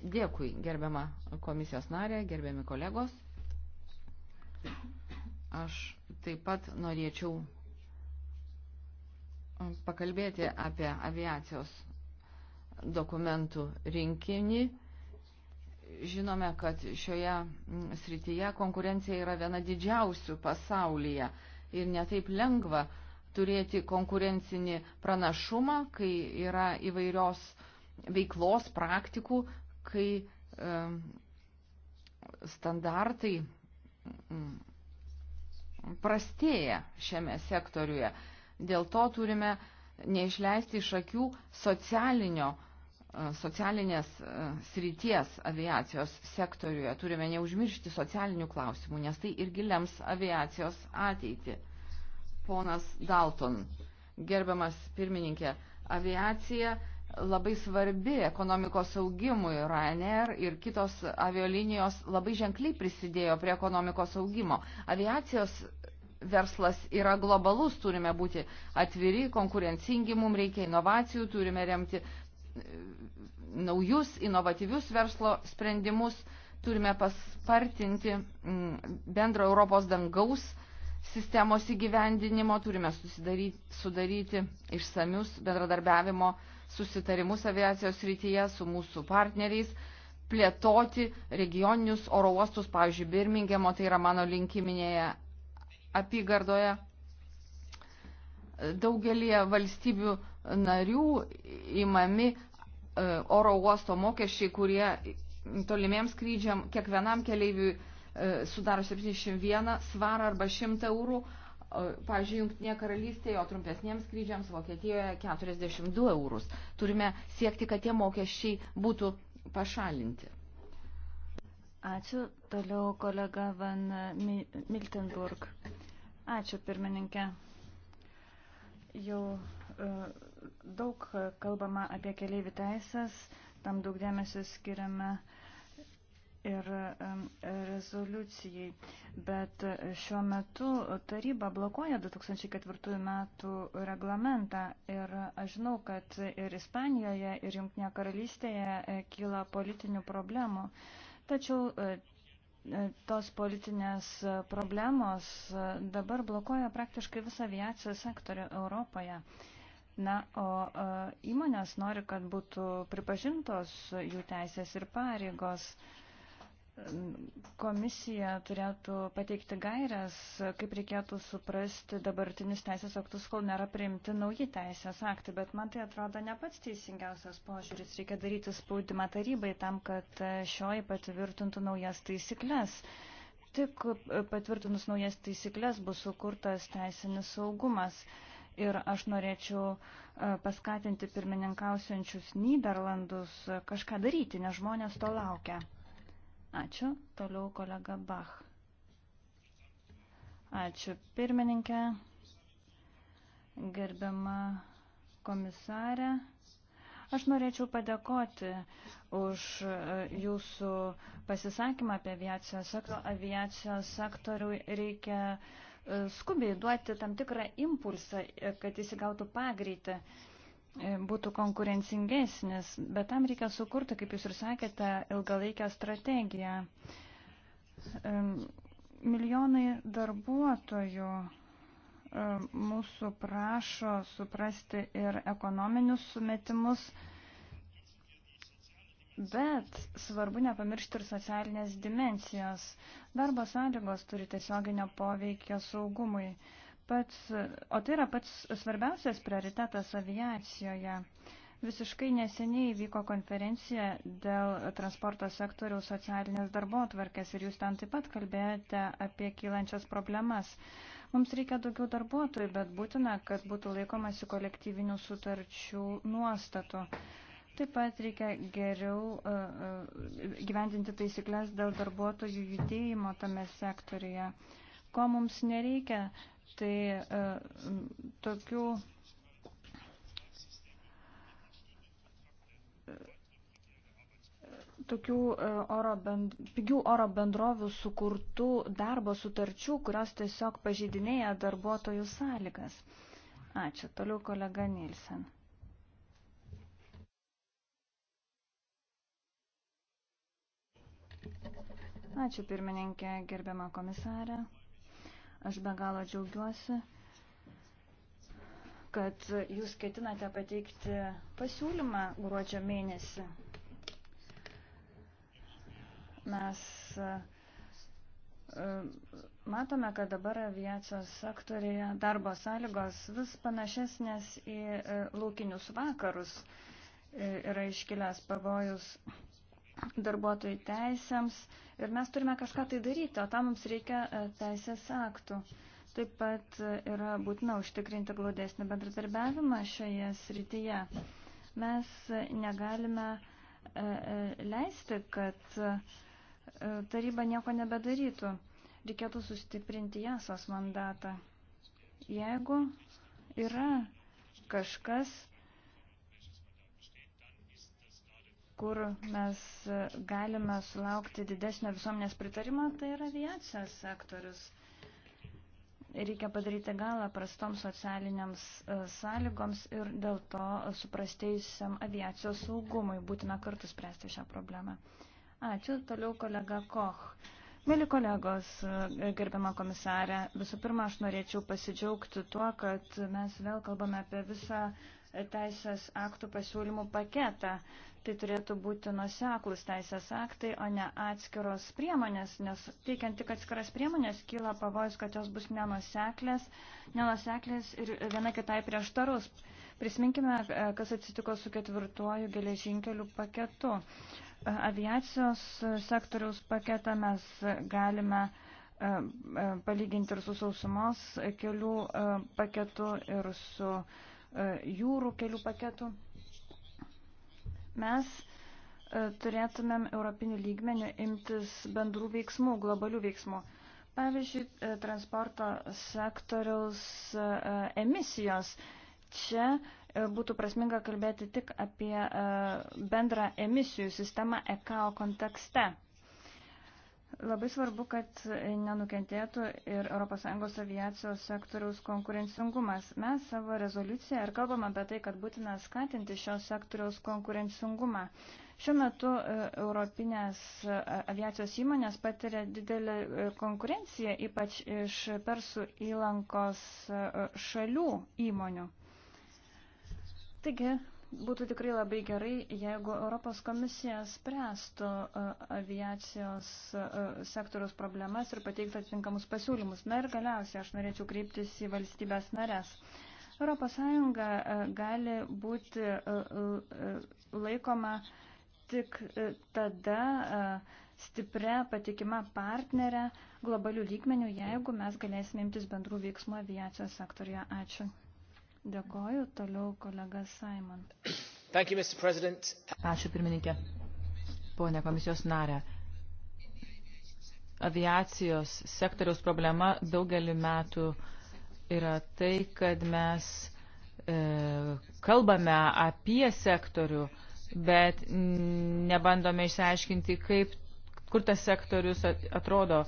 Dėkui, gerbiama komisijos narė, gerbiami kolegos. Aš taip pat norėčiau pakalbėti apie aviacijos dokumentų rinkinį. Žinome, kad šioje mm, srityje konkurencija yra viena didžiausių pasaulyje ir netaip lengva turėti konkurencinį pranašumą, kai yra įvairios veiklos praktikų, kai e, standartai mm, prastėja šiame sektoriuje. E, Dėl to turime neišleisti iš akių socialinio e, socialinės e, srities aviacijos sektoriuje. Turime neužmiršti socialinių klausimų, nes tai irgi lems aviacijos ateitį. Ponas Dalton, gerbiamas pirmininkė, aviacija labai svarbi ekonomikos augimui. Ryanair ir kitos aviolinijos labai ženkliai prisidėjo prie ekonomikos augimo. Aviacijos verslas yra globalus, turime būti atviri, konkurencingi, mums reikia inovacijų, turime remti e, naujus, inovatyvius verslo sprendimus, turime paspartinti mm, bendro Europos dangaus sistemos įgyvendinimo, turime sudaryti išsamius bendradarbiavimo susitarimus aviacijos rytyje su mūsų partneriais, plėtoti regioninius oro uostus, pavyzdžiui, Birmingemo, tai yra mano linkiminėje apygardoje daugelie valstybių narių įmami e, oro uosto mokesčiai, kurie tolimiems skrydžiam kiekvienam keleiviui e, sudaro 71 svarą arba 100 eurų, pavyzdžiui, Junktinėje karalystėje, o trumpesniems skrydžiams Vokietijoje 42 eurus. Turime siekti, kad tie mokesčiai būtų pašalinti. Ačiū. Toliau kolega Van Miltenburg. Ačiū, pirmininkė. Jau e, daug kalbama apie keliaivių teisės, tam daug dėmesio skiriame ir e, rezoliucijai. Bet šiuo metu taryba blokuoja 2004 metų reglamentą ir aš žinau, kad ir Ispanijoje, ir Junktinėje karalystėje e, kyla politinių problemų. Tačiau tos politinės problemos dabar blokuoja praktiškai visą aviacijos sektorių Europoje. Na, o e, įmonės nori, kad būtų pripažintos jų teisės ir pareigos. Komisija turėtų pateikti gairias, kaip reikėtų suprasti dabartinius teisės aktus, kol nėra priimti nauji teisės aktai, bet man tai atrodo ne pats teisingiausias požiūris. Reikia daryti spaudimą tarybai tam, kad šioji patvirtintų naujas taisyklės. Tik patvirtinus naujas taisyklės bus sukurtas teisinis saugumas. Ir aš norėčiau e, paskatinti pirmininkausiančius Niderlandus kažką daryti, nes žmonės to laukia. Ačiū. Toliau kolega Bach. Ačiū pirmininkė, gerbiama komisarė. Aš norėčiau padėkoti už e, jūsų pasisakymą apie aviacijos sektorių. Aviacijos sektoriui reikia e, skubiai duoti tam tikrą impulsą, e, kad jis įgautų pagreitį. E, būtų konkurencingesnis, bet tam reikia sukurti, kaip jūs ir sakėte, ilgalaikę strategiją. E, milijonai darbuotojų e, mūsų prašo suprasti ir ekonominius sumetimus, bet svarbu nepamiršti ir socialinės dimensijos. Darbo sąlygos turi tiesioginio poveikio saugumui pats, o tai yra pats svarbiausias prioritetas aviacijoje. Visiškai neseniai vyko konferencija dėl transporto sektoriaus socialinės darbo atvarkės ir jūs ten taip pat kalbėjote apie kylančias problemas. Mums reikia daugiau darbuotojų, bet būtina, kad būtų laikomasi kolektyvinių sutarčių nuostatų. Taip pat reikia geriau uh, gyvendinti taisyklės dėl darbuotojų judėjimo tame sektorija. Ko mums nereikia? Uh, Tai e, tokių tokių e, oro bend, pigių oro bendrovių sukurtų darbo sutarčių, kurios tiesiog pažydinėja darbuotojų sąlygas. Ačiū. Toliau kolega Nilsen. Ačiū pirmininkė, gerbiama komisarė. Aš be galo džiaugiuosi, kad jūs ketinate pateikti pasiūlymą gruodžio mėnesį. Mes e, matome, kad dabar aviacijos sektorėje darbo sąlygos vis panašesnės į e, laukinius vakarus e, yra iškilęs pavojus darbuotojų teisėms ir mes turime kažką tai daryti, o tam mums reikia e, teisės aktų. Taip pat e, yra būtina užtikrinti glaudesnį bendradarbiavimą šioje srityje. Mes e, negalime leisti, kad taryba nieko nebedarytų. Reikėtų sustiprinti jasos mandatą. Jeigu yra kažkas, kur mes galime sulaukti didesnio visuomenės pritarimo, tai yra aviacijos sektorius. Reikia padaryti galą prastoms socialiniams e, sąlygoms ir dėl to suprastėjusiam aviacijos saugumui būtina kartu spręsti šią problemą. Ačiū, toliau kolega Koch. Mėly kolegos, e, gerbiama komisarė, visų pirma, aš norėčiau pasidžiaugti tuo, kad mes vėl kalbame apie visą teisės aktų pasiūlymų paketą. Tai turėtų būti nuseklus teisės aktai, o ne atskiros priemonės, nes teikiant tik atskiras priemonės kyla pavojus, kad jos bus nenuseklės, nenuseklės ir viena kitai prieštarus. Prisiminkime, kas atsitiko su ketvirtuoju geležinkeliu paketu. Aviacijos sektoriaus paketą mes galime e, e, palyginti ir su sausumos kelių e, paketu ir su uh, E, jūrų kelių paketų. Mes e, turėtumėm europinių lygmenių imtis bendrų veiksmų, globalių veiksmų. Pavyzdžiui, e, transporto sektoriaus emisijos. Čia būtų prasminga kalbėti tik apie bendrą emisijų sistemą ECAO kontekste. Labai svarbu, kad nenukentėtų ir ES aviacijos sektoriaus konkurencingumas. Mes savo rezoliuciją ir kalbam apie tai, kad būtina skatinti šio sektoriaus konkurencingumą. Šiuo metu e, europinės e, aviacijos įmonės patiria didelį e, konkurenciją, ypač iš Persų įlankos šalių įmonių. Taigi, Būtų tikrai labai gerai, jeigu Europos komisija spręstų e, aviacijos e, sektoriaus problemas ir pateiktų atitinkamus pasiūlymus. Na ir galiausiai aš norėčiau kreiptis į valstybės narės. Europos Sąjunga e, gali būti laikoma tik tada stipria patikima partnerė globalių lygmenių, jeigu mes galėsime imtis bendrų veiksmų aviacijos sektorija. Ačiū. Dėkoju. Toliau kolega Simon. Thank you, Mr. President. Ačiū pirmininkė. Pone komisijos narė. Aviacijos sektoriaus problema daugelį metų yra tai, kad mes e, kalbame apie sektorių, bet nebandome išsiaiškinti, kaip, kur tas sektorius atrodo,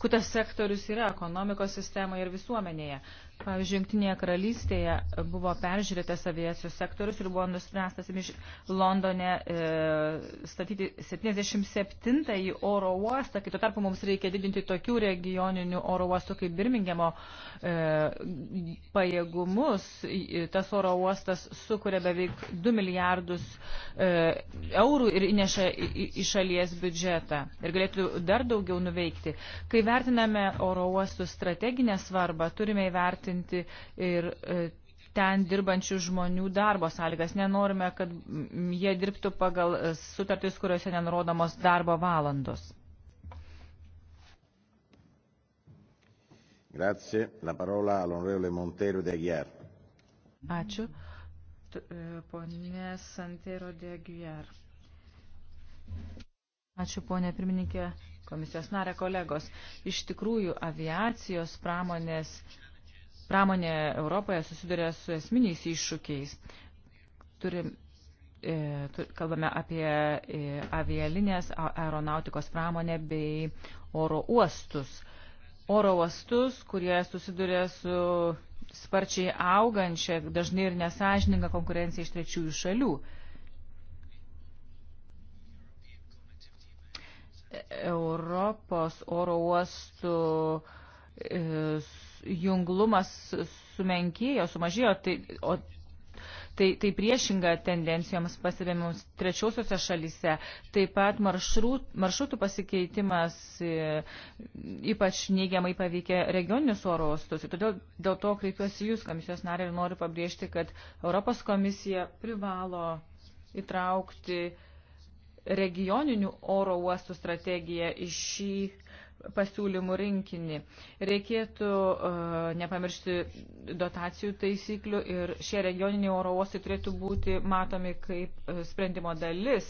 kur tas sektorius yra ekonomikos sistemoje ir visuomenėje. Pavyzdžiui, Junktinėje karalystėje buvo peržiūrėtas aviacijos sektorius ir buvo nuspręstas Londone e, statyti 77-ąjį oro uostą, kai tuo tarpu mums reikia didinti tokių regioninių oro uostų kaip Birmingemo e, pajėgumus. Tas oro uostas sukuria beveik 2 milijardus e, eurų ir įneša į, į šalies biudžetą ir galėtų dar daugiau nuveikti. Kai vertiname oro uostų strateginę svarbą, turime įvertinti įvertinti ir e, ten dirbančių žmonių darbo sąlygas. Nenorime, kad jie dirbtų pagal e, sutartys, kuriuose nenurodomos darbo valandos. Grazie. La parola all'onorevole Montero de Aguiar. Ačiū. E, ponė Santero de Aguiar. Ačiū, ponė pirmininkė, komisijos narė kolegos. Iš tikrųjų, aviacijos pramonės pramonė Europoje susiduria su esminiais iššūkiais. Turim, e, tur, kalbame apie e, avialinės, aeronautikos pramonę bei oro uostus. Oro uostus, kurie susiduria su sparčiai augančia, dažnai ir nesažininga konkurencija iš trečiųjų šalių. E, Europos oro uostų e, junglumas sumenkėjo, sumažėjo, tai, o Tai, tai priešinga tendencijoms pastebėmiams trečiosiuose šalyse. Taip pat maršrut, maršrutų pasikeitimas e, ypač neigiamai paveikė regioninius oro uostus. Todėl dėl to kreipiuosi Jūs, komisijos narė, ir noriu pabrėžti, kad Europos komisija privalo įtraukti regioninių oro uostų strategiją į šį pasiūlymų rinkinį. Reikėtų uh, nepamiršti dotacijų taisyklių ir šie regioniniai oro uostai turėtų būti matomi kaip uh, sprendimo dalis.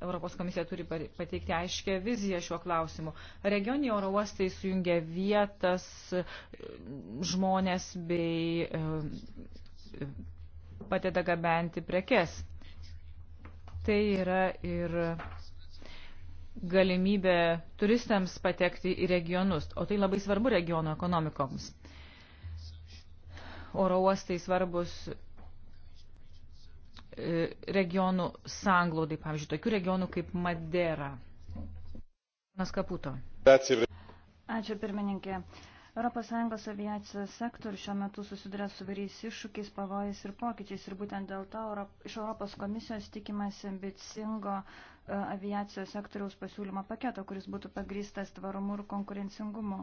Europos komisija turi pateikti aiškę viziją šiuo klausimu. Regioniai oro uostai sujungia vietas, e, žmonės bei uh, padeda gabenti prekes. Tai yra ir galimybė turistams patekti į regionus, o tai labai svarbu regiono ekonomikoms. Oro uostai svarbus e, regionų sanglaudai, pavyzdžiui, tokių regionų kaip Madera. Nas Kaputo. Ačiū pirmininkė. ES aviacijos sektorius šiuo metu susiduria su vairiais iššūkiais, pavojais ir pokyčiais ir būtent dėl to Europ... iš Europos komisijos tikimasi ambicingo uh, E, aviacijos sektoriaus pasiūlymo paketo, kuris būtų pagrystas tvarumu ir konkurencingumu.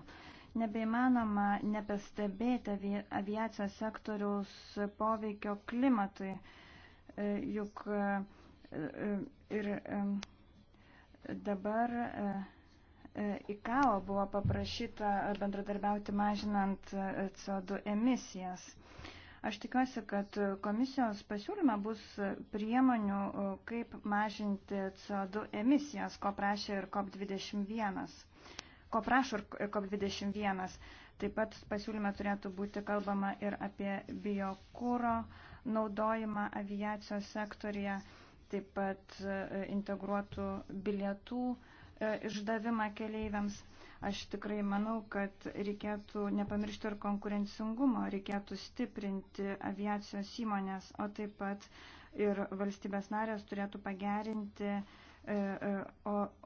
Nebeimanoma nepastebėti aviacijos sektoriaus poveikio klimatui, e, juk e, ir dabar ICAO buvo paprašyta bendradarbiauti mažinant CO2 emisijas. Aš tikiuosi, kad komisijos pasiūlyme bus priemonių, e, kaip mažinti CO2 emisijas, ko prašė ir COP21. Ko prašo ir COP21. Taip pat pasiūlyme turėtų būti kalbama ir apie biokūro naudojimą aviacijos sektorija, taip pat e, integruotų bilietų e, išdavimą keleiviams. Aš tikrai manau, kad reikėtų nepamiršti ir konkurencingumo, reikėtų stiprinti aviacijos įmonės, o taip pat ir valstybės narės turėtų pagerinti e, e,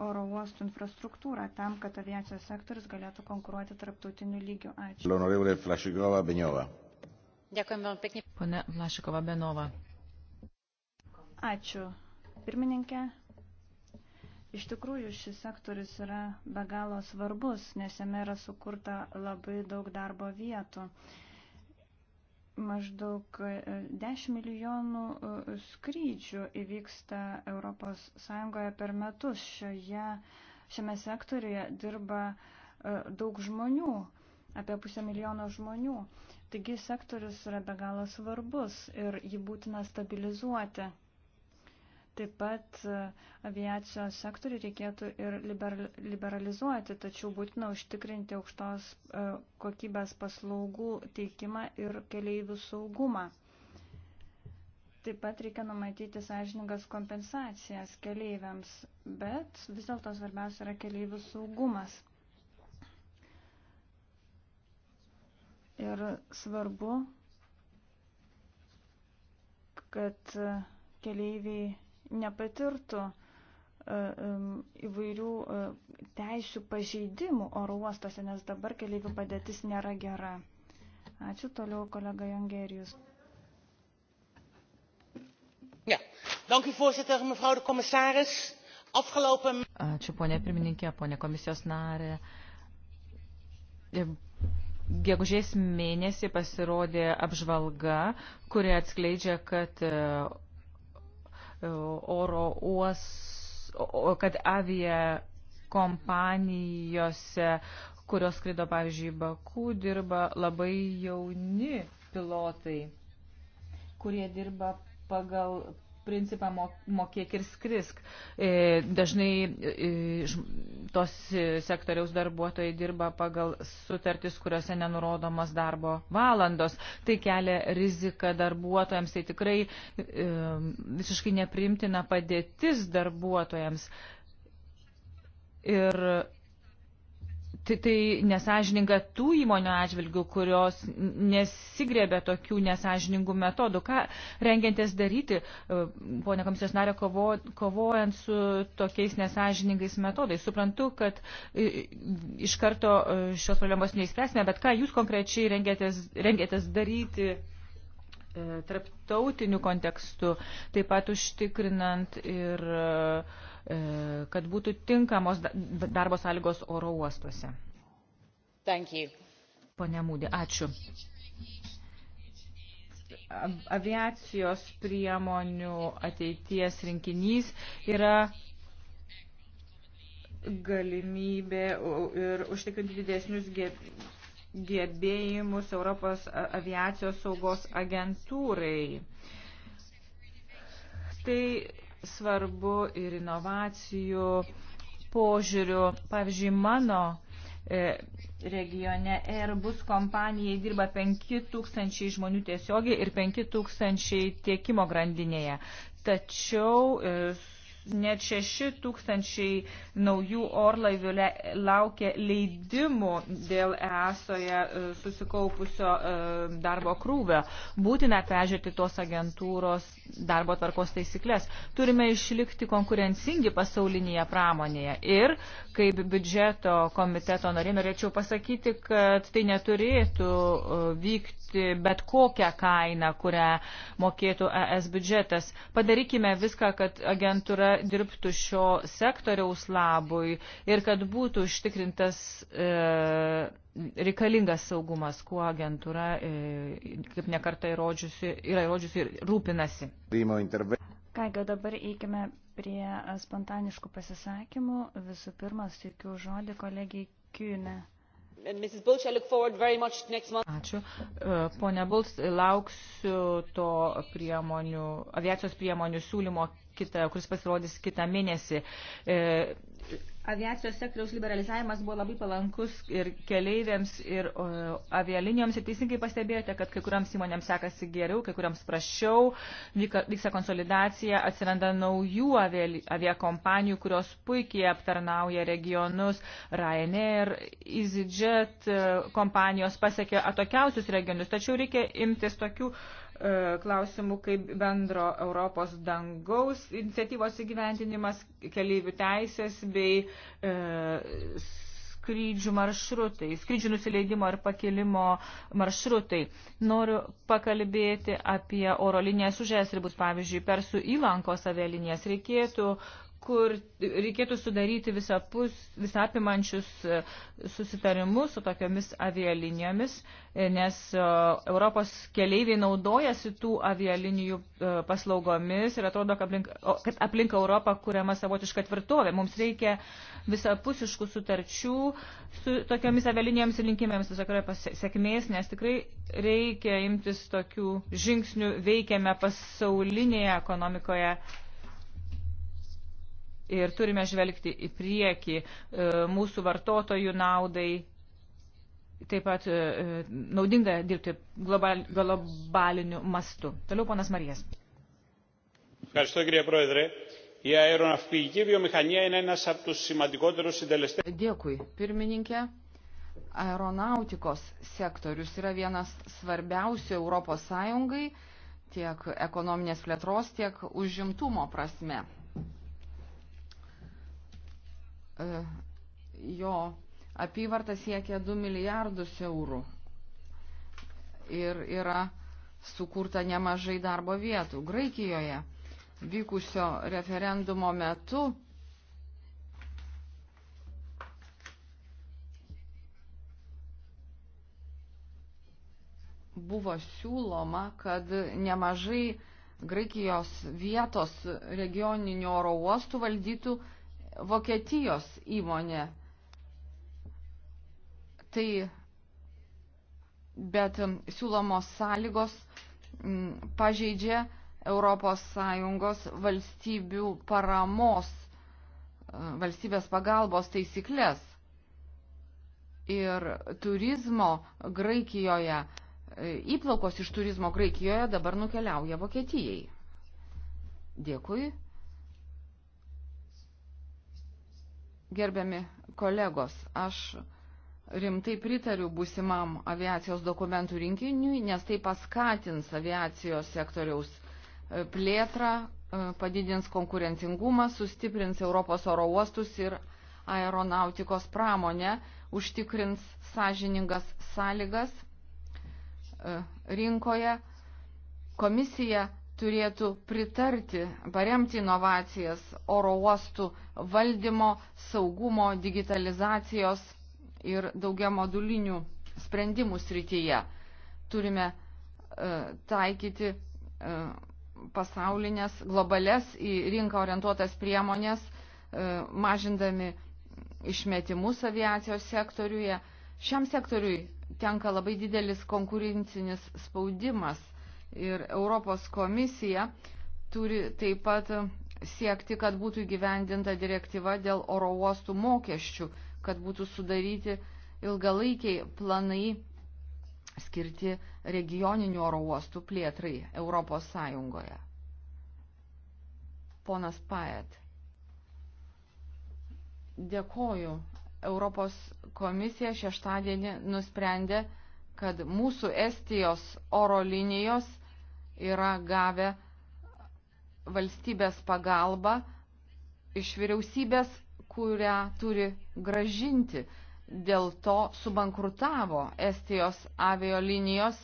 oro uostų infrastruktūrą tam, kad aviacijos sektorius galėtų konkuruoti tarptautiniu lygiu. Ačiū. Dėkuojame vam pekni. Pone Vlašikova Benova. Ačiū. Pirmininkė, Iš tikrųjų, šis sektorius yra be galo svarbus, nes jame yra sukurta labai daug darbo vietų. Maždaug 10 e, milijonų e, skrydžių įvyksta ES per metus. Šioje, šiame sektoriuje dirba e, daug žmonių, apie pusę milijono žmonių. Taigi sektorius yra be galo svarbus ir jį būtina stabilizuoti. Taip pat e, aviacijos sektorių reikėtų ir liberalizuoti, tačiau būtina užtikrinti aukštos e, kokybės paslaugų teikimą ir keleivių saugumą. Taip pat reikia numatyti sąžiningas kompensacijas keleiviams, bet vis dėlto svarbiausia yra keleivių saugumas. Ir svarbu, kad e, keleiviai nepatirtų e, e, įvairių e, teisių pažeidimų oro uostose, nes dabar keliaivių padėtis nėra gera. Ačiū toliau kolega Jongerijus. Ja. Dank u voorzitter, mevrouw de commissaris. Afgelopen... Ačiū ponė pirmininkė, ponė komisijos narė. Gegužės mėnesį pasirodė apžvalga, kuri atskleidžia, kad oro uos, kad avia kompanijose, kurios skrido, pavyzdžiui, Baku, dirba labai jauni pilotai, kurie dirba pagal principą mokėk ir skrisk. E, dažnai e, tos sektoriaus darbuotojai dirba pagal sutartis, kuriuose nenurodomas darbo valandos. Tai kelia riziką darbuotojams, tai tikrai e, visiškai neprimtina padėtis darbuotojams. Ir tai, tai nesažininga tų įmonių atžvilgių, kurios nesigrėbė tokių nesažiningų metodų. Ką rengiantis daryti, e, ponė komisijos narė, kovo, kovojant su tokiais nesažiningais metodais? Suprantu, kad e, iš karto e, šios problemos neįspręsime, bet ką jūs konkrečiai rengiatės, rengiatės daryti? tarptautiniu kontekstu, taip pat užtikrinant ir uh, E, kad būtų tinkamos darbo sąlygos oro uostuose. Pone Mūdė, ačiū. Aviacijos priemonių ateities rinkinys yra galimybė ir užtikrinti didesnius gebėjimus Europos aviacijos saugos agentūrai. Tai svarbu ir inovacijų požiūrių. Pavyzdžiui, mano e, regione Airbus kompanijai dirba 5000 žmonių tiesiogiai ir 5000 tiekimo grandinėje. Tačiau e, net 6 tūkstančiai naujų orlaivių laukia leidimų dėl ESOje e, susikaupusio e, darbo krūvio. Būtina peržiūrėti tos agentūros darbo tvarkos taisyklės. Turime išlikti konkurencingi pasaulinėje pramonėje. Ir kaip biudžeto komiteto norė norėčiau pasakyti, kad tai neturėtų e, vykti bet kokią kainą, kurią mokėtų ES biudžetas. Padarykime viską, kad agentūra dirbtų šio sektoriaus labui ir kad būtų užtikrintas e, reikalingas saugumas, kuo agentūra, e, kaip nekarta įrodžiusi, yra įrodžiusi ir rūpinasi. Kągi dabar eikime prie spontaniškų pasisakymų. Visų pirma, sėkiu žodį kolegijai Kyne. Bulch, Ačiū. E, Pone Bulc, lauksiu to priemonių, aviacijos priemonių siūlymo kitą, kuris pasirodys kitą mėnesį. E, aviacijos sektoriaus liberalizavimas buvo labai palankus ir keleiviams, ir o, avialinijoms. Ir teisingai pastebėjote, kad kai kuriams įmonėms sekasi geriau, kai kuriams prašiau, vyka, vyksta konsolidacija, atsiranda naujų aviakompanijų, kurios puikiai aptarnauja regionus. Ryanair, EasyJet e, kompanijos pasiekė atokiausius regionus, tačiau reikia imtis tokių uh, E, klausimų kaip bendro Europos dangaus iniciatyvos įgyventinimas, keleivių teisės bei e, skrydžių maršrutai, skrydžių nusileidimo ir pakilimo maršrutai. Noriu pakalbėti apie oro linijas už esribus, pavyzdžiui, persų įlankos avialinijas. Reikėtų kur reikėtų sudaryti visapus, visapimančius e, susitarimus su tokiomis avialinijomis, e, nes e, Europos keleiviai naudojasi tų avialinijų paslaugomis ir atrodo, kad aplink, kad aplink Europą kuriama savotiška tvirtovė. Mums reikia visapusiškų sutarčių su tokiomis avialinijomis ir linkimėms visokioje sėkmės, nes tikrai reikia imtis tokių žingsnių veikiame pasaulinėje ekonomikoje ir turime žvelgti į priekį e, mūsų vartotojų naudai. Taip pat e, naudinga dirbti global, globaliniu mastu. Toliau ponas Marijas. Ευχαριστώ κύριε Πρόεδρε. Η αεροναυπηγική βιομηχανία είναι ένας από τους σημαντικότερους συντελεστές. Dėkui, pirmininkė. Aeronautikos sektorius yra vienas svarbiausių Europos Sąjungai tiek ekonominės plėtros, tiek užimtumo prasme. E, jo apyvarta siekia 2 milijardus eurų ir yra sukurta nemažai darbo vietų. Graikijoje vykusio referendumo metu buvo siūloma, kad nemažai Graikijos vietos regioninių oro uostų valdytų Vokietijos įmonė. Tai, bet um, siūlomos sąlygos m, mm, pažeidžia ES valstybių paramos, e, valstybės pagalbos taisyklės. Ir turizmo Graikijoje, e, įplaukos iš turizmo Graikijoje dabar nukeliauja Vokietijai. Dėkui. Gerbiami kolegos, aš rimtai pritariu būsimam aviacijos dokumentų rinkiniui, nes tai paskatins aviacijos sektoriaus e, plėtrą, e, padidins konkurencingumą, sustiprins Europos oro uostus ir aeronautikos pramonę, užtikrins sąžiningas sąlygas e, rinkoje. Komisija turėtų pritarti, paremti inovacijas oro uostų valdymo, saugumo, digitalizacijos ir daugia modulinių sprendimų srityje. Turime e, taikyti e, pasaulinės, globales į rinką orientuotas priemonės, e, mažindami išmetimus aviacijos sektoriuje. Šiam sektoriui tenka labai didelis konkurencinis spaudimas ir Europos komisija turi taip pat siekti, kad būtų įgyvendinta direktyva dėl oro uostų mokesčių, kad būtų sudaryti ilgalaikiai planai skirti regioninių oro uostų plėtrai Europos Sąjungoje. Ponas Paet, dėkoju. Europos komisija šeštadienį nusprendė, kad mūsų Estijos oro linijos yra gavę valstybės pagalbą iš vyriausybės, kurią turi gražinti. Dėl to subankrutavo Estijos aviolinijos.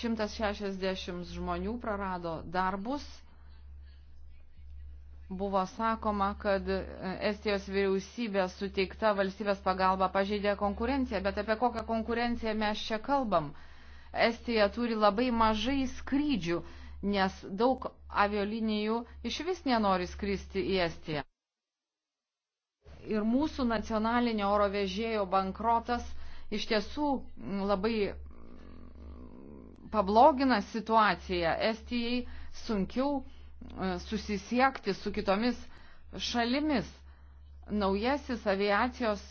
160 žmonių prarado darbus. Buvo sakoma, kad Estijos vyriausybė suteikta valstybės pagalba pažeidė konkurenciją, bet apie kokią konkurenciją mes čia kalbam? Estija turi labai mažai skrydžių, nes daug aviolinijų iš vis nenori skristi į Estiją. Ir mūsų nacionalinio oro vežėjo bankrotas iš tiesų labai pablogina situaciją. Estijai sunkiau e, susisiekti su kitomis šalimis. Naujasis aviacijos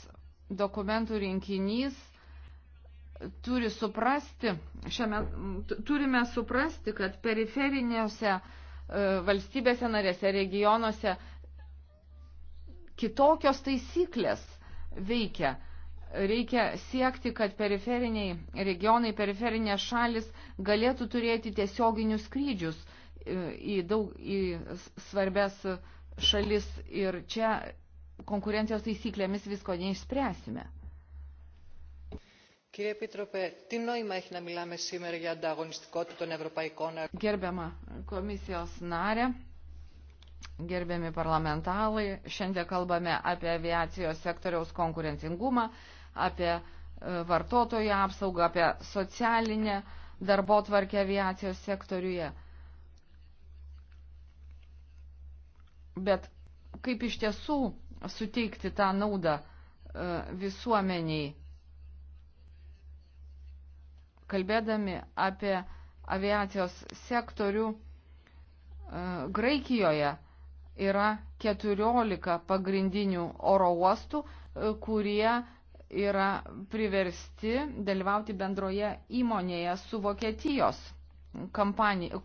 dokumentų rinkinys turi suprasti, šiame, turime suprasti, kad periferinėse e, valstybėse narėse, regionuose kitokios taisyklės veikia. Reikia siekti, kad periferiniai regionai, periferinės šalis galėtų turėti tiesioginius skrydžius e, į, daug, į svarbes šalis ir čia konkurencijos taisyklėmis visko neišspręsime. Κύριε Επίτροπε, τι νόημα έχει να μιλάμε σήμερα για ανταγωνιστικότητα των ευρωπαϊκών αρχών. Gerbiama komisijos narė, gerbiami parlamentarai, šiandien kalbame apie aviacijos sektoriaus konkurencingumą, apie e, vartotojų apsaugą, apie socialinę darbo tvarkę aviacijos sektoriuje. Bet kaip iš tiesų suteikti tą naudą e, visuomeniai? kalbėdami apie aviacijos sektorių e, Graikijoje yra 14 pagrindinių oro uostų, e, kurie yra priversti dalyvauti bendroje įmonėje su Vokietijos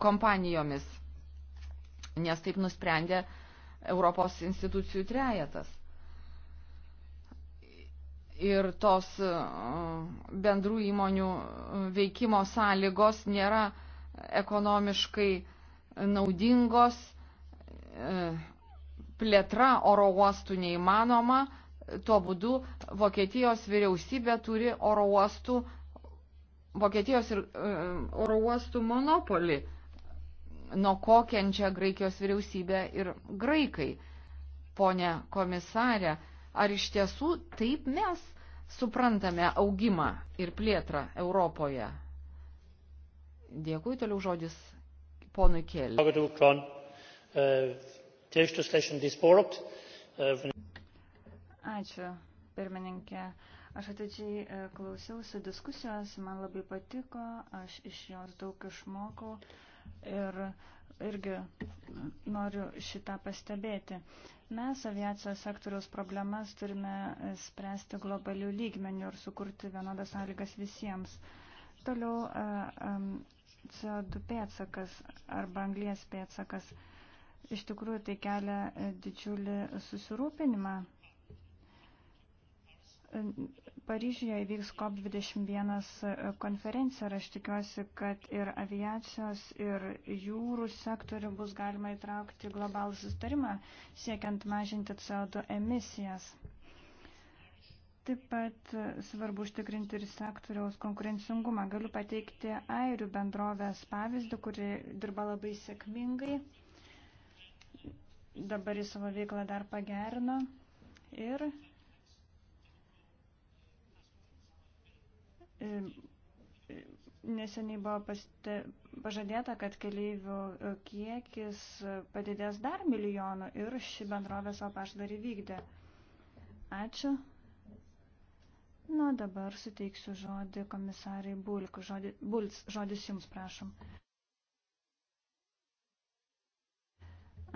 kompanijomis, nes taip nusprendė Europos institucijų trejetas ir tos e, bendrų įmonių e, veikimo sąlygos nėra ekonomiškai naudingos, e, plėtra oro uostų neįmanoma, tuo būdu Vokietijos vyriausybė turi oro uostų, Vokietijos ir oro uostų monopolį, nuo ko kenčia Graikijos vyriausybė ir Graikai. Pone komisarė, ar iš tiesų taip mes suprantame augimą ir plėtrą Europoje. Dėkui, toliau žodis ponui Kėlė. Ačiū, pirmininkė. Aš atidžiai e, klausiausi diskusijos, man labai patiko, aš iš jos daug išmokau ir irgi noriu šitą pastebėti. Mes aviacijos sektoriaus problemas turime spręsti globalių lygmenių ir sukurti vienodas sąlygas visiems. Toliau CO2 pėtsakas arba anglies pėtsakas. Iš tikrųjų tai kelia e, didžiulį susirūpinimą Paryžiuje įvyks COP21 konferencija ir aš tikiuosi, kad ir aviacijos, ir jūrų sektorių bus galima įtraukti globalų sustarimą, siekiant mažinti CO2 emisijas. Taip pat svarbu užtikrinti ir sektoriaus konkurencingumą. Galiu pateikti airių bendrovės pavyzdį, kuri dirba labai sėkmingai. Dabar į savo veiklą dar pagerino ir Neseniai buvo paste, pažadėta, kad keleivių e, kiekis e, padidės dar milijonų ir ši bendrovė savo pažadarį vykdė. Ačiū. Na, dabar suteiksiu žodį komisarai Bulk. Žodį, Bulc, žodis jums prašom.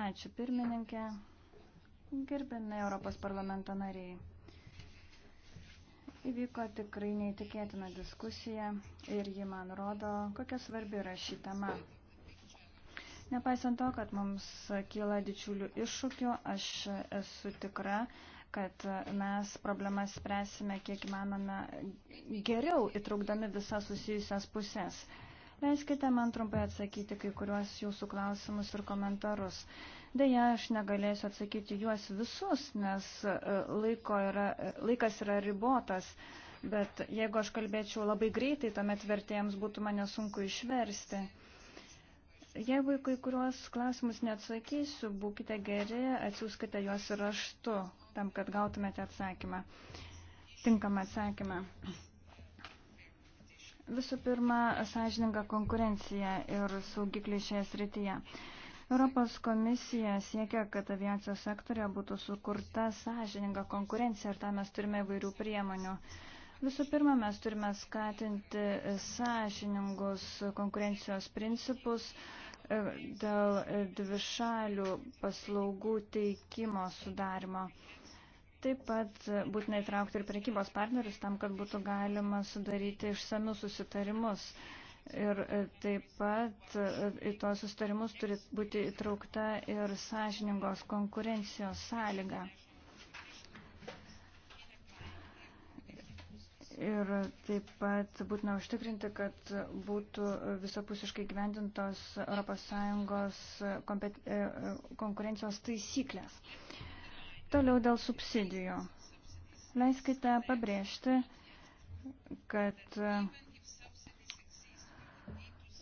Ačiū pirmininkė. Gerbėme Europos parlamento nariai. Įvyko tikrai neįtikėtina diskusija ir ji man rodo, kokia svarbi yra ši tema. Nepaisant to, kad mums kyla didžiulių iššūkių, aš esu tikra, kad mes problemas spręsime kiek įmanome geriau, įtraukdami visas susijusias pusės. Leiskite man trumpai atsakyti kai kuriuos jūsų klausimus ir komentarus. Deja, aš negalėsiu atsakyti juos visus, nes e, yra, e, laikas yra ribotas, bet jeigu aš kalbėčiau labai greitai, tuomet vertėjams būtų mane sunku išversti. Jeigu į kai kuriuos klausimus neatsakysiu, būkite geri, atsiųskite juos raštu, tam, kad gautumėte atsakymą, tinkamą atsakymą. Visų pirma, sąžininga konkurencija ir saugikliai šioje srityje. Europos komisija siekia, kad aviacijos sektorija būtų sukurta sąžininga konkurencija ir tam mes turime įvairių priemonių. Visų pirma, mes turime skatinti sąžiningus konkurencijos principus e, dėl dvišalių paslaugų teikimo sudarimo. Taip pat būtina įtraukti ir prekybos partnerius tam, kad būtų galima sudaryti išsamius susitarimus. Ir e, taip pat e, į tuos sustarimus turi būti įtraukta ir sąžiningos konkurencijos sąlyga. Ir taip pat būtina užtikrinti, kad būtų visapusiškai gyvendintos ES kompet... E, konkurencijos taisyklės. Toliau dėl subsidijų. Leiskite pabrėžti, kad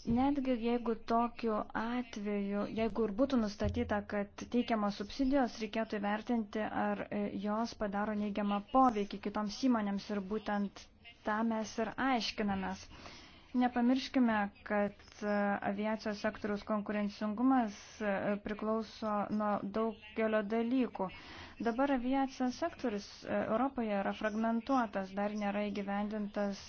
Netgi jeigu tokiu atveju, jeigu ir būtų nustatyta, kad teikiamos subsidijos, reikėtų įvertinti, ar e, jos padaro neigiamą poveikį kitoms įmonėms ir būtent tą mes ir aiškinamės. Nepamirškime, kad e, aviacijos sektoriaus konkurencingumas e, priklauso nuo daugelio dalykų. Dabar aviacijos sektorius e, Europoje yra fragmentuotas, dar nėra įgyvendintas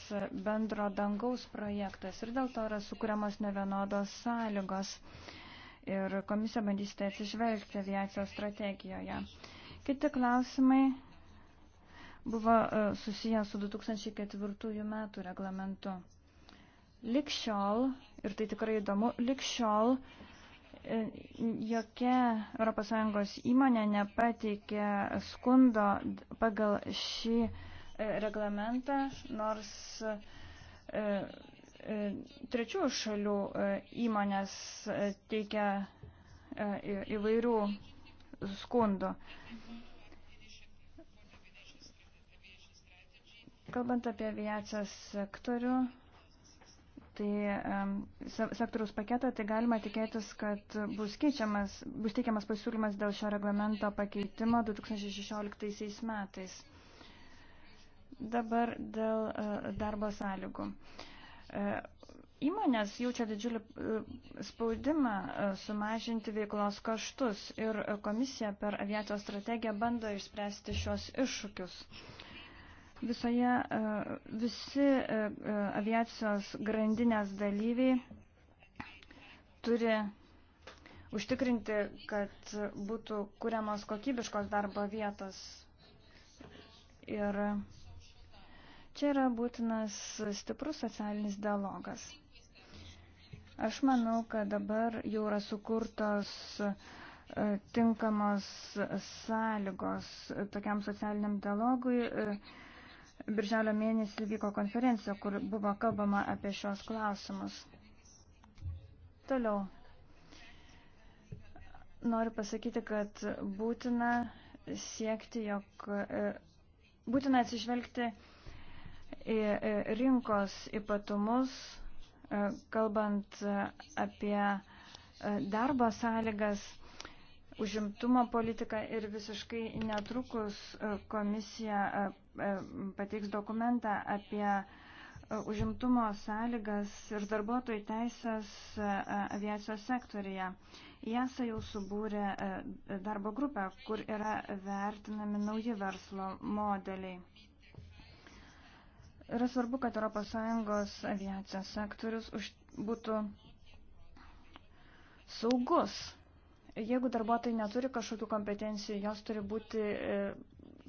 bendro dangaus projektas ir dėl to yra sukūriamos nevienodos sąlygos. Ir komisija bandysite tai atsižvelgti aviacijos strategijoje. Kiti klausimai buvo e, susijęs su 2004 metų reglamentu. Likščiol, ir tai tikrai įdomu, likščiol šiol jokia ES įmonė nepateikė skundo pagal šį e, reglamentą, nors e, e, trečių šalių įmonės teikia įvairių skundų. Kalbant apie aviacijos sektorių, tai sektoriaus paketą, tai galima tikėtis, kad bus, keičiamas, bus teikiamas pasiūlymas dėl šio reglamento pakeitimo 2016 metais. Dabar dėl e, darbo sąlygų. E, įmonės jaučia didžiulį e, spaudimą sumažinti veiklos kaštus ir komisija per aviacijos strategiją bando išspręsti šios iššūkius. Visoje, e, visi e, e, aviacijos grandinės dalyviai turi užtikrinti, kad būtų kuriamos kokybiškos darbo vietos. Ir čia yra būtinas stiprus socialinis dialogas. Aš manau, kad dabar jau yra sukurtos tinkamos sąlygos tokiam socialiniam dialogui. Birželio mėnesį vyko konferencija, kur buvo kalbama apie šios klausimus. Toliau. Noriu pasakyti, kad būtina siekti, jog e, būtina atsižvelgti į e, rinkos ypatumus, e, kalbant apie darbo sąlygas, užimtumo politiką ir visiškai netrukus komisija E, pateiks dokumentą apie e, užimtumo sąlygas ir darbuotojų teisės e, aviacijos sektorija. JASA jau subūrė darbo grupę, kur yra vertinami nauji verslo modeliai. Yra svarbu, kad ES aviacijos sektorius būtų saugus. Jeigu darbuotojai neturi kažkokių kompetencijų, jos turi būti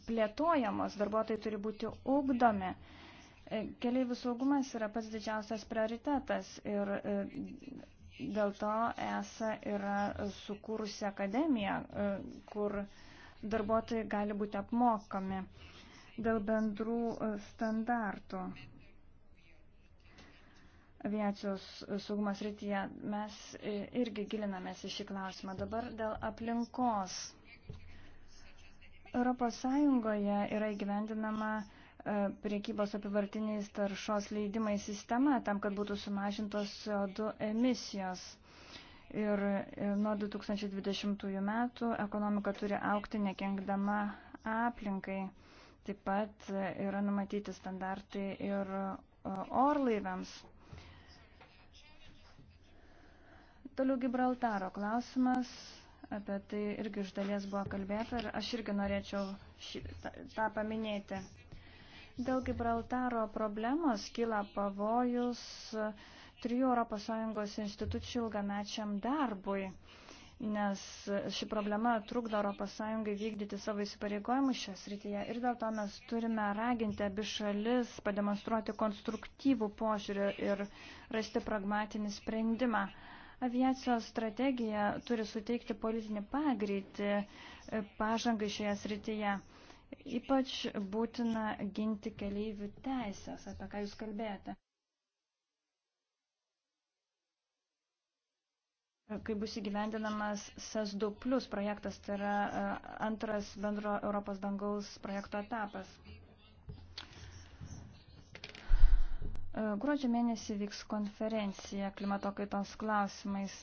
plėtojamos, darbuotojai turi būti ugdomi. E, keleivių saugumas yra pats didžiausias prioritetas ir e, dėl to ESA yra sukūrusi akademiją, e, kur darbuotojai gali būti apmokami dėl bendrų standartų aviacijos saugumas rytyje. Mes irgi gilinamės į šį klausimą. Dabar dėl aplinkos. ES yra įgyvendinama e, priekybos apivartiniais taršos leidimai sistema tam, kad būtų sumažintos CO2 emisijos. Ir e, nuo 2020 metų ekonomika turi aukti nekenkdama aplinkai. Taip pat e, yra numatyti standartai ir orlaiviams. Toliau Gibraltaro klausimas. Apie tai irgi iš dalies buvo kalbėta ir aš irgi norėčiau šį, tą, tą paminėti. Dėl Gibraltaro problemos kyla pavojus trijų ES institucijų ilgamečiam darbui, nes ši problema trukdo ES vykdyti savo įsipareigojimus šią srityje ir dėl to mes turime raginti abi šalis pademonstruoti konstruktyvų požiūrį ir rasti pragmatinį sprendimą. Aviacijos strategija turi suteikti politinį pagreitį e, pažangai šioje srityje. Ypač būtina ginti keleivių teisės, apie ką jūs kalbėjote. kai bus įgyvendinamas SES2 plus projektas, tai yra e, antras bendro Europos dangaus projekto etapas. Gruodžio mėnesį vyks konferencija klimato kaitos klausimais.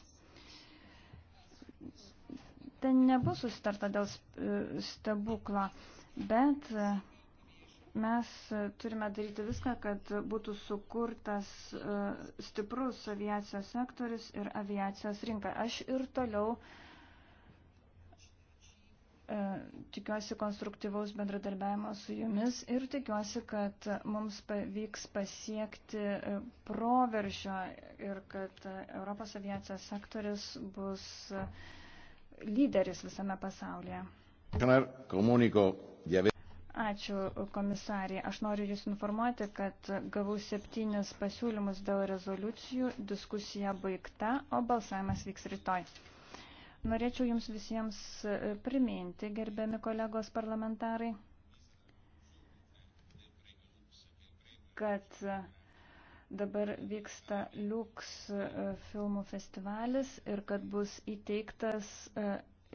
Ten nebus sustarta dėl e, stebuklo, bet e, mes turime daryti viską, kad būtų sukurtas e, stiprus aviacijos sektorius ir aviacijos rinka. Aš ir toliau uh, E, tikiuosi konstruktyvaus bendradarbiavimo su jumis ir tikiuosi, kad mums pavyks pasiekti e, proveržio ir kad e, Europos aviacijos sektoris bus lyderis visame pasaulyje. Ačiū komisarė. Aš noriu Jūs informuoti, kad gavau septynis pasiūlymus dėl rezoliucijų, diskusija baigta, o balsavimas vyks rytoj. Norėčiau jums visiems e, priminti, gerbiami kolegos parlamentarai, kad e, dabar vyksta Liuks e, filmų festivalis ir kad bus įteiktas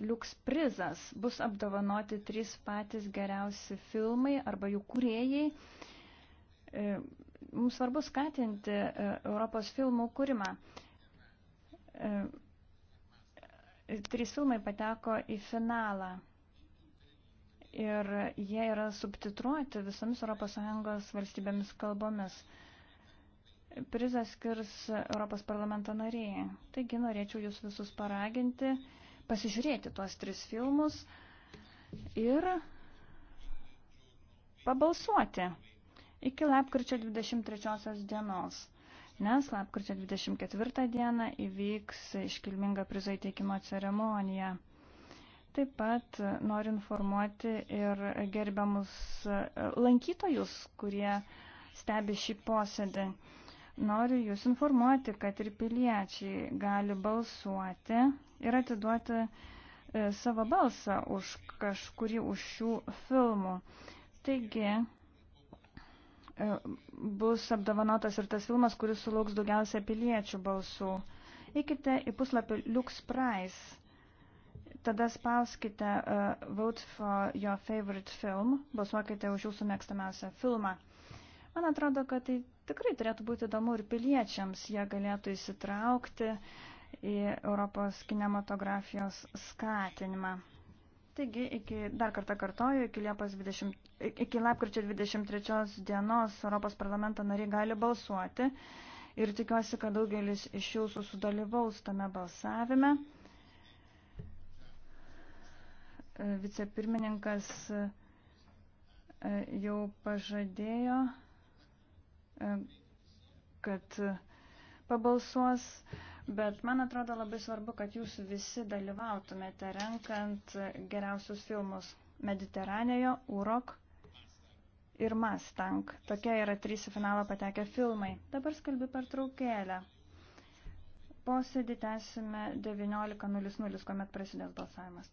Liuks prizas. Bus apdovanoti trys patys geriausi filmai arba jų kūrėjai. Mums svarbu skatinti Europos filmų kūrimą Trys filmai pateko į finalą ir jie yra subtitruoti visomis ES valstybėmis kalbomis. Prizą skirs Europos parlamento nariai. Taigi norėčiau jūs visus paraginti, pasižiūrėti tuos tris filmus ir pabalsuoti iki lapkričio 23 dienos nes lapkričio 24 dieną įvyks iškilminga prizo įteikimo ceremonija. Taip pat noriu informuoti ir gerbiamus e, lankytojus, kurie stebi šį posėdį. Noriu jūs informuoti, kad ir piliečiai gali balsuoti ir atiduoti e, savo balsą už kažkurį už šių filmų. Taigi, E, bus apdovanotas ir tas filmas, kuris sulauks daugiausia piliečių balsų. Eikite į puslapį Lux Price. Tada spauskite uh, Vote for your favorite film, balsuokite už jūsų mėgstamiausią filmą. Man atrodo, kad tai tikrai turėtų būti įdomu ir piliečiams. Jie galėtų įsitraukti į Europos kinematografijos skatinimą. Taigi, iki, dar kartą kartoju, iki, Liepos 20, iki lapkričio 23 dienos Europos parlamento nariai gali balsuoti ir tikiuosi, kad daugelis iš jūsų sudalyvaus tame balsavime. E, vicepirmininkas e, jau pažadėjo, e, kad pabalsuos. Bet man atrodo labai svarbu, kad jūs visi dalyvautumėte renkant geriausius filmus Mediteranėjo, Urok ir Mustang. Tokie yra trys į finalą patekę filmai. Dabar skalbi per traukėlę. Posėdį tęsime 19.00, kuomet prasidės balsavimas.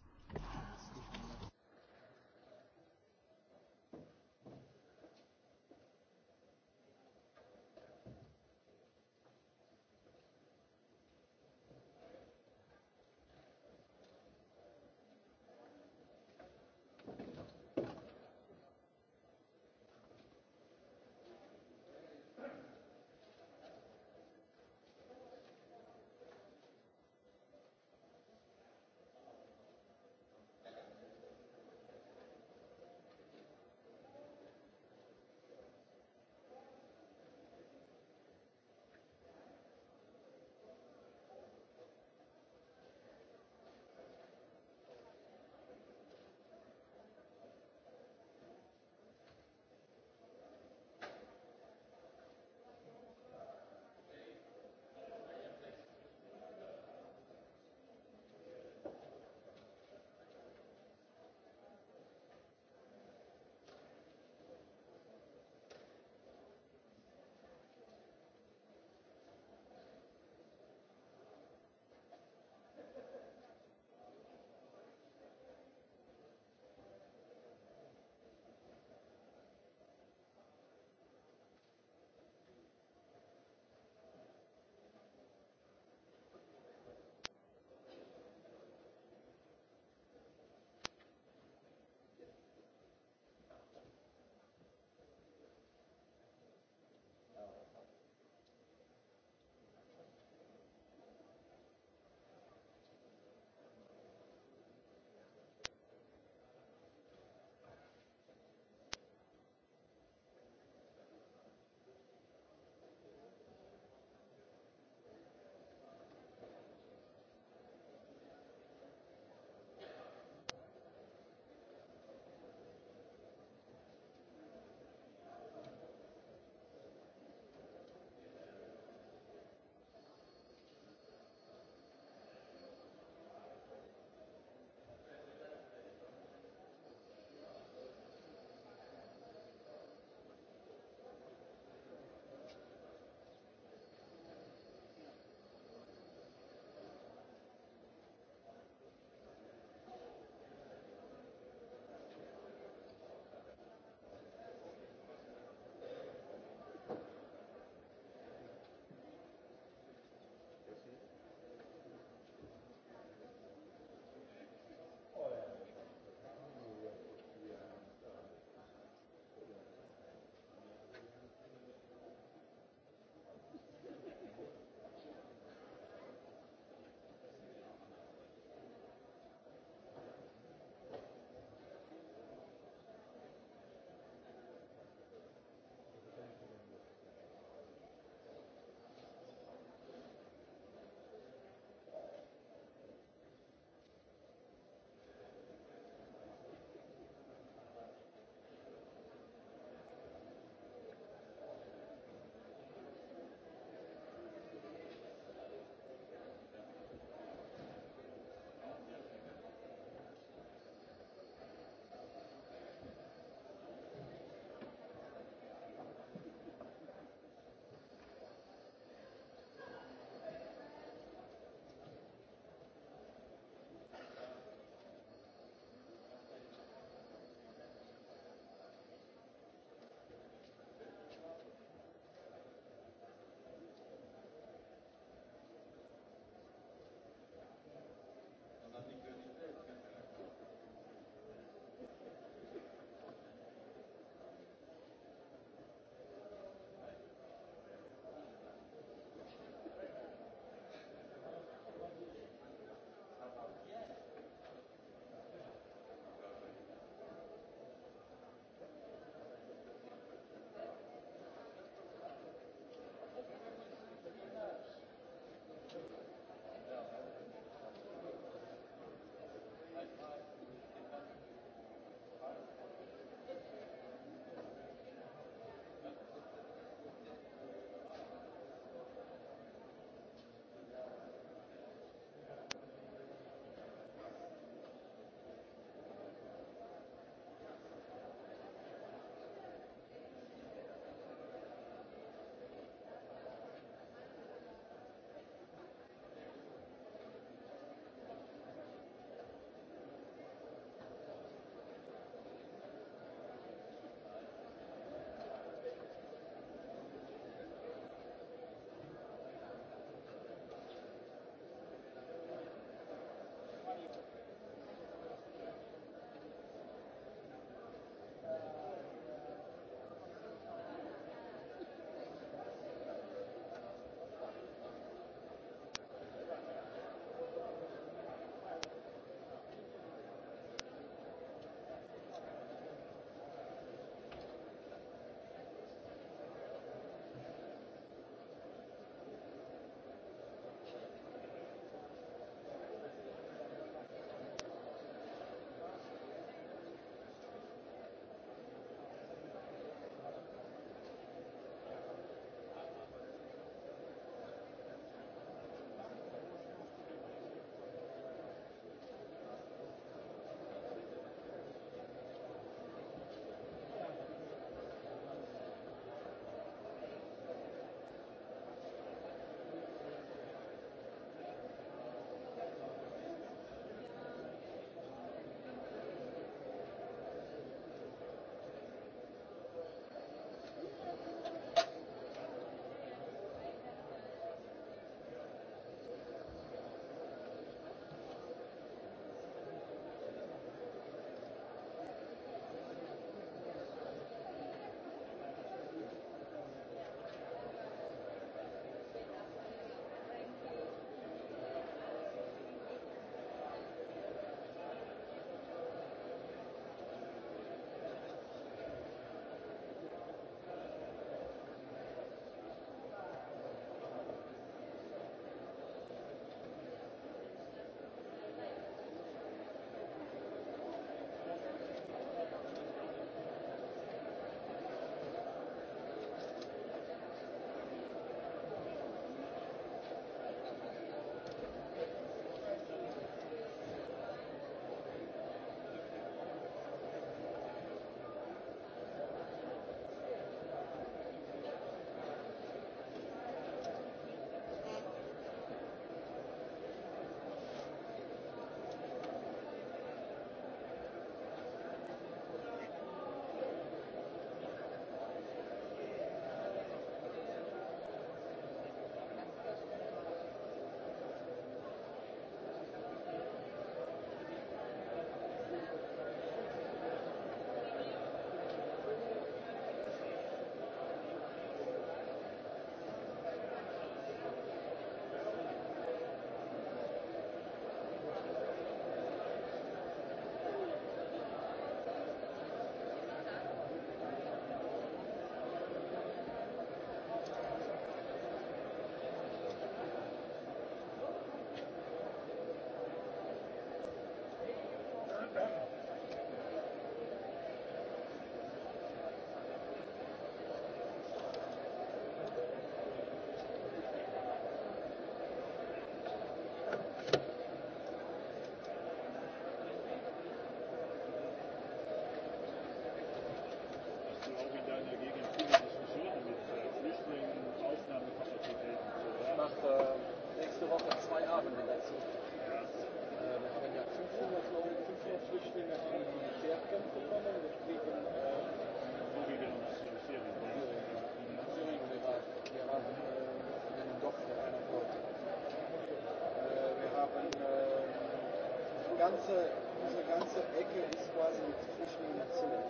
ganze, diese ganze Ecke ist quasi mit Flüchtlingen erzählt.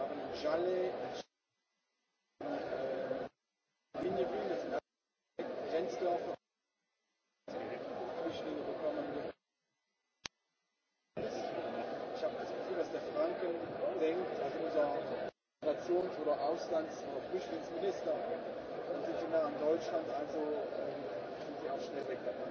Aber in Jalle, in Mineville, äh, das sind alles Grenzdörfer, Flüchtlinge bekommen. Ich habe das Gefühl, dass der Franken denkt, also unser Migrations- oder Auslands- oder Flüchtlingsminister, und sind sie nah an Deutschland, also äh, sind sie auch schnell weg davon.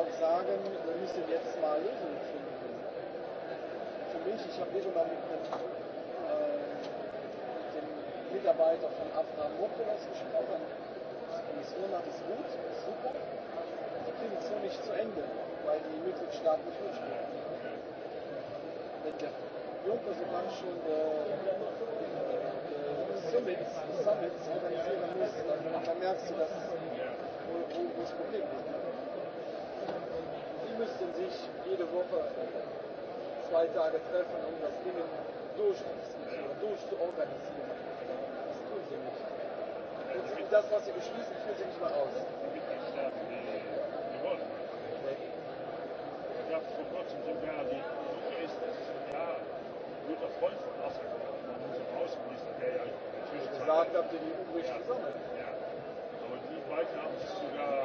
auch sagen, wir müssen jetzt mal Lösungen finden. Für mich, ich habe eh schon mal mit einem, äh, mit dem Mitarbeiter von Avramopoulos gesprochen. Die Kommission hat es gut, ist super. Sie kriegen es nur nicht zu Ende, weil die Mitgliedstaaten nicht mitspielen. Wenn der Juncker sogar schon äh, äh, Summits, Summits organisieren muss, dann, dann merkst du, dass, wo, wo, wo das Problem liegt müssten sich jede Woche zwei Tage treffen, um das Ding durchzuziehen, durchzuorganisieren. Das tun sie nicht. Und das, was sie beschließen, führen sie nicht mal aus. Die Mitgliedstaaten, die wollen. Ich habe vor kurzem sogar die Minister, ja, guter Freund von Assad, unserem Außenminister, der ja gesagt hat, die EU bricht zusammen. Ja, aber die beiden haben sich sogar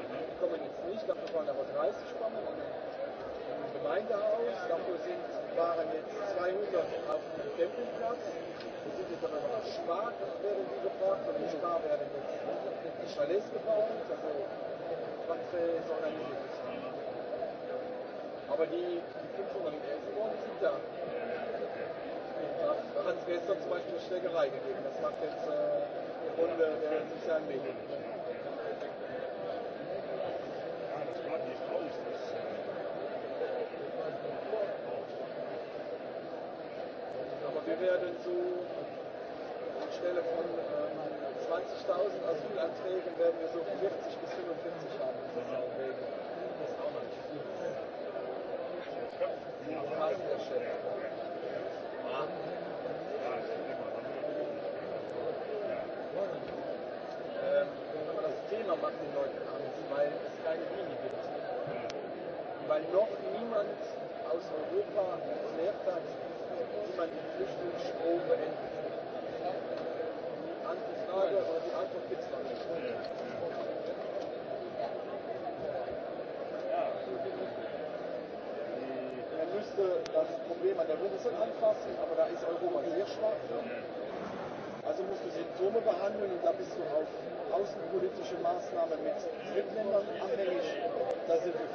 nicht. Dafür waren aber 30 Spannen im Gemeindehaus. Dafür sind, waren jetzt 200 auf dem Campingplatz. Wir sind jetzt aber noch auf Spar, werden die gefragt. Und in Spar werden jetzt die Chalets gebaut. Also Transfer ist organisiert. Aber die 500 Euro sind da. Da hat es gestern zum Beispiel eine Schlägerei gegeben. Das macht jetzt äh, die Runde der sozialen Medien. dazu, anstelle von äh, 20.000 Asylanträgen werden wir so 40 bis 45 Symptome behandeln und da bist du auf außenpolitische Maßnahmen mit Drittländern abhängig. Da sind wir, finde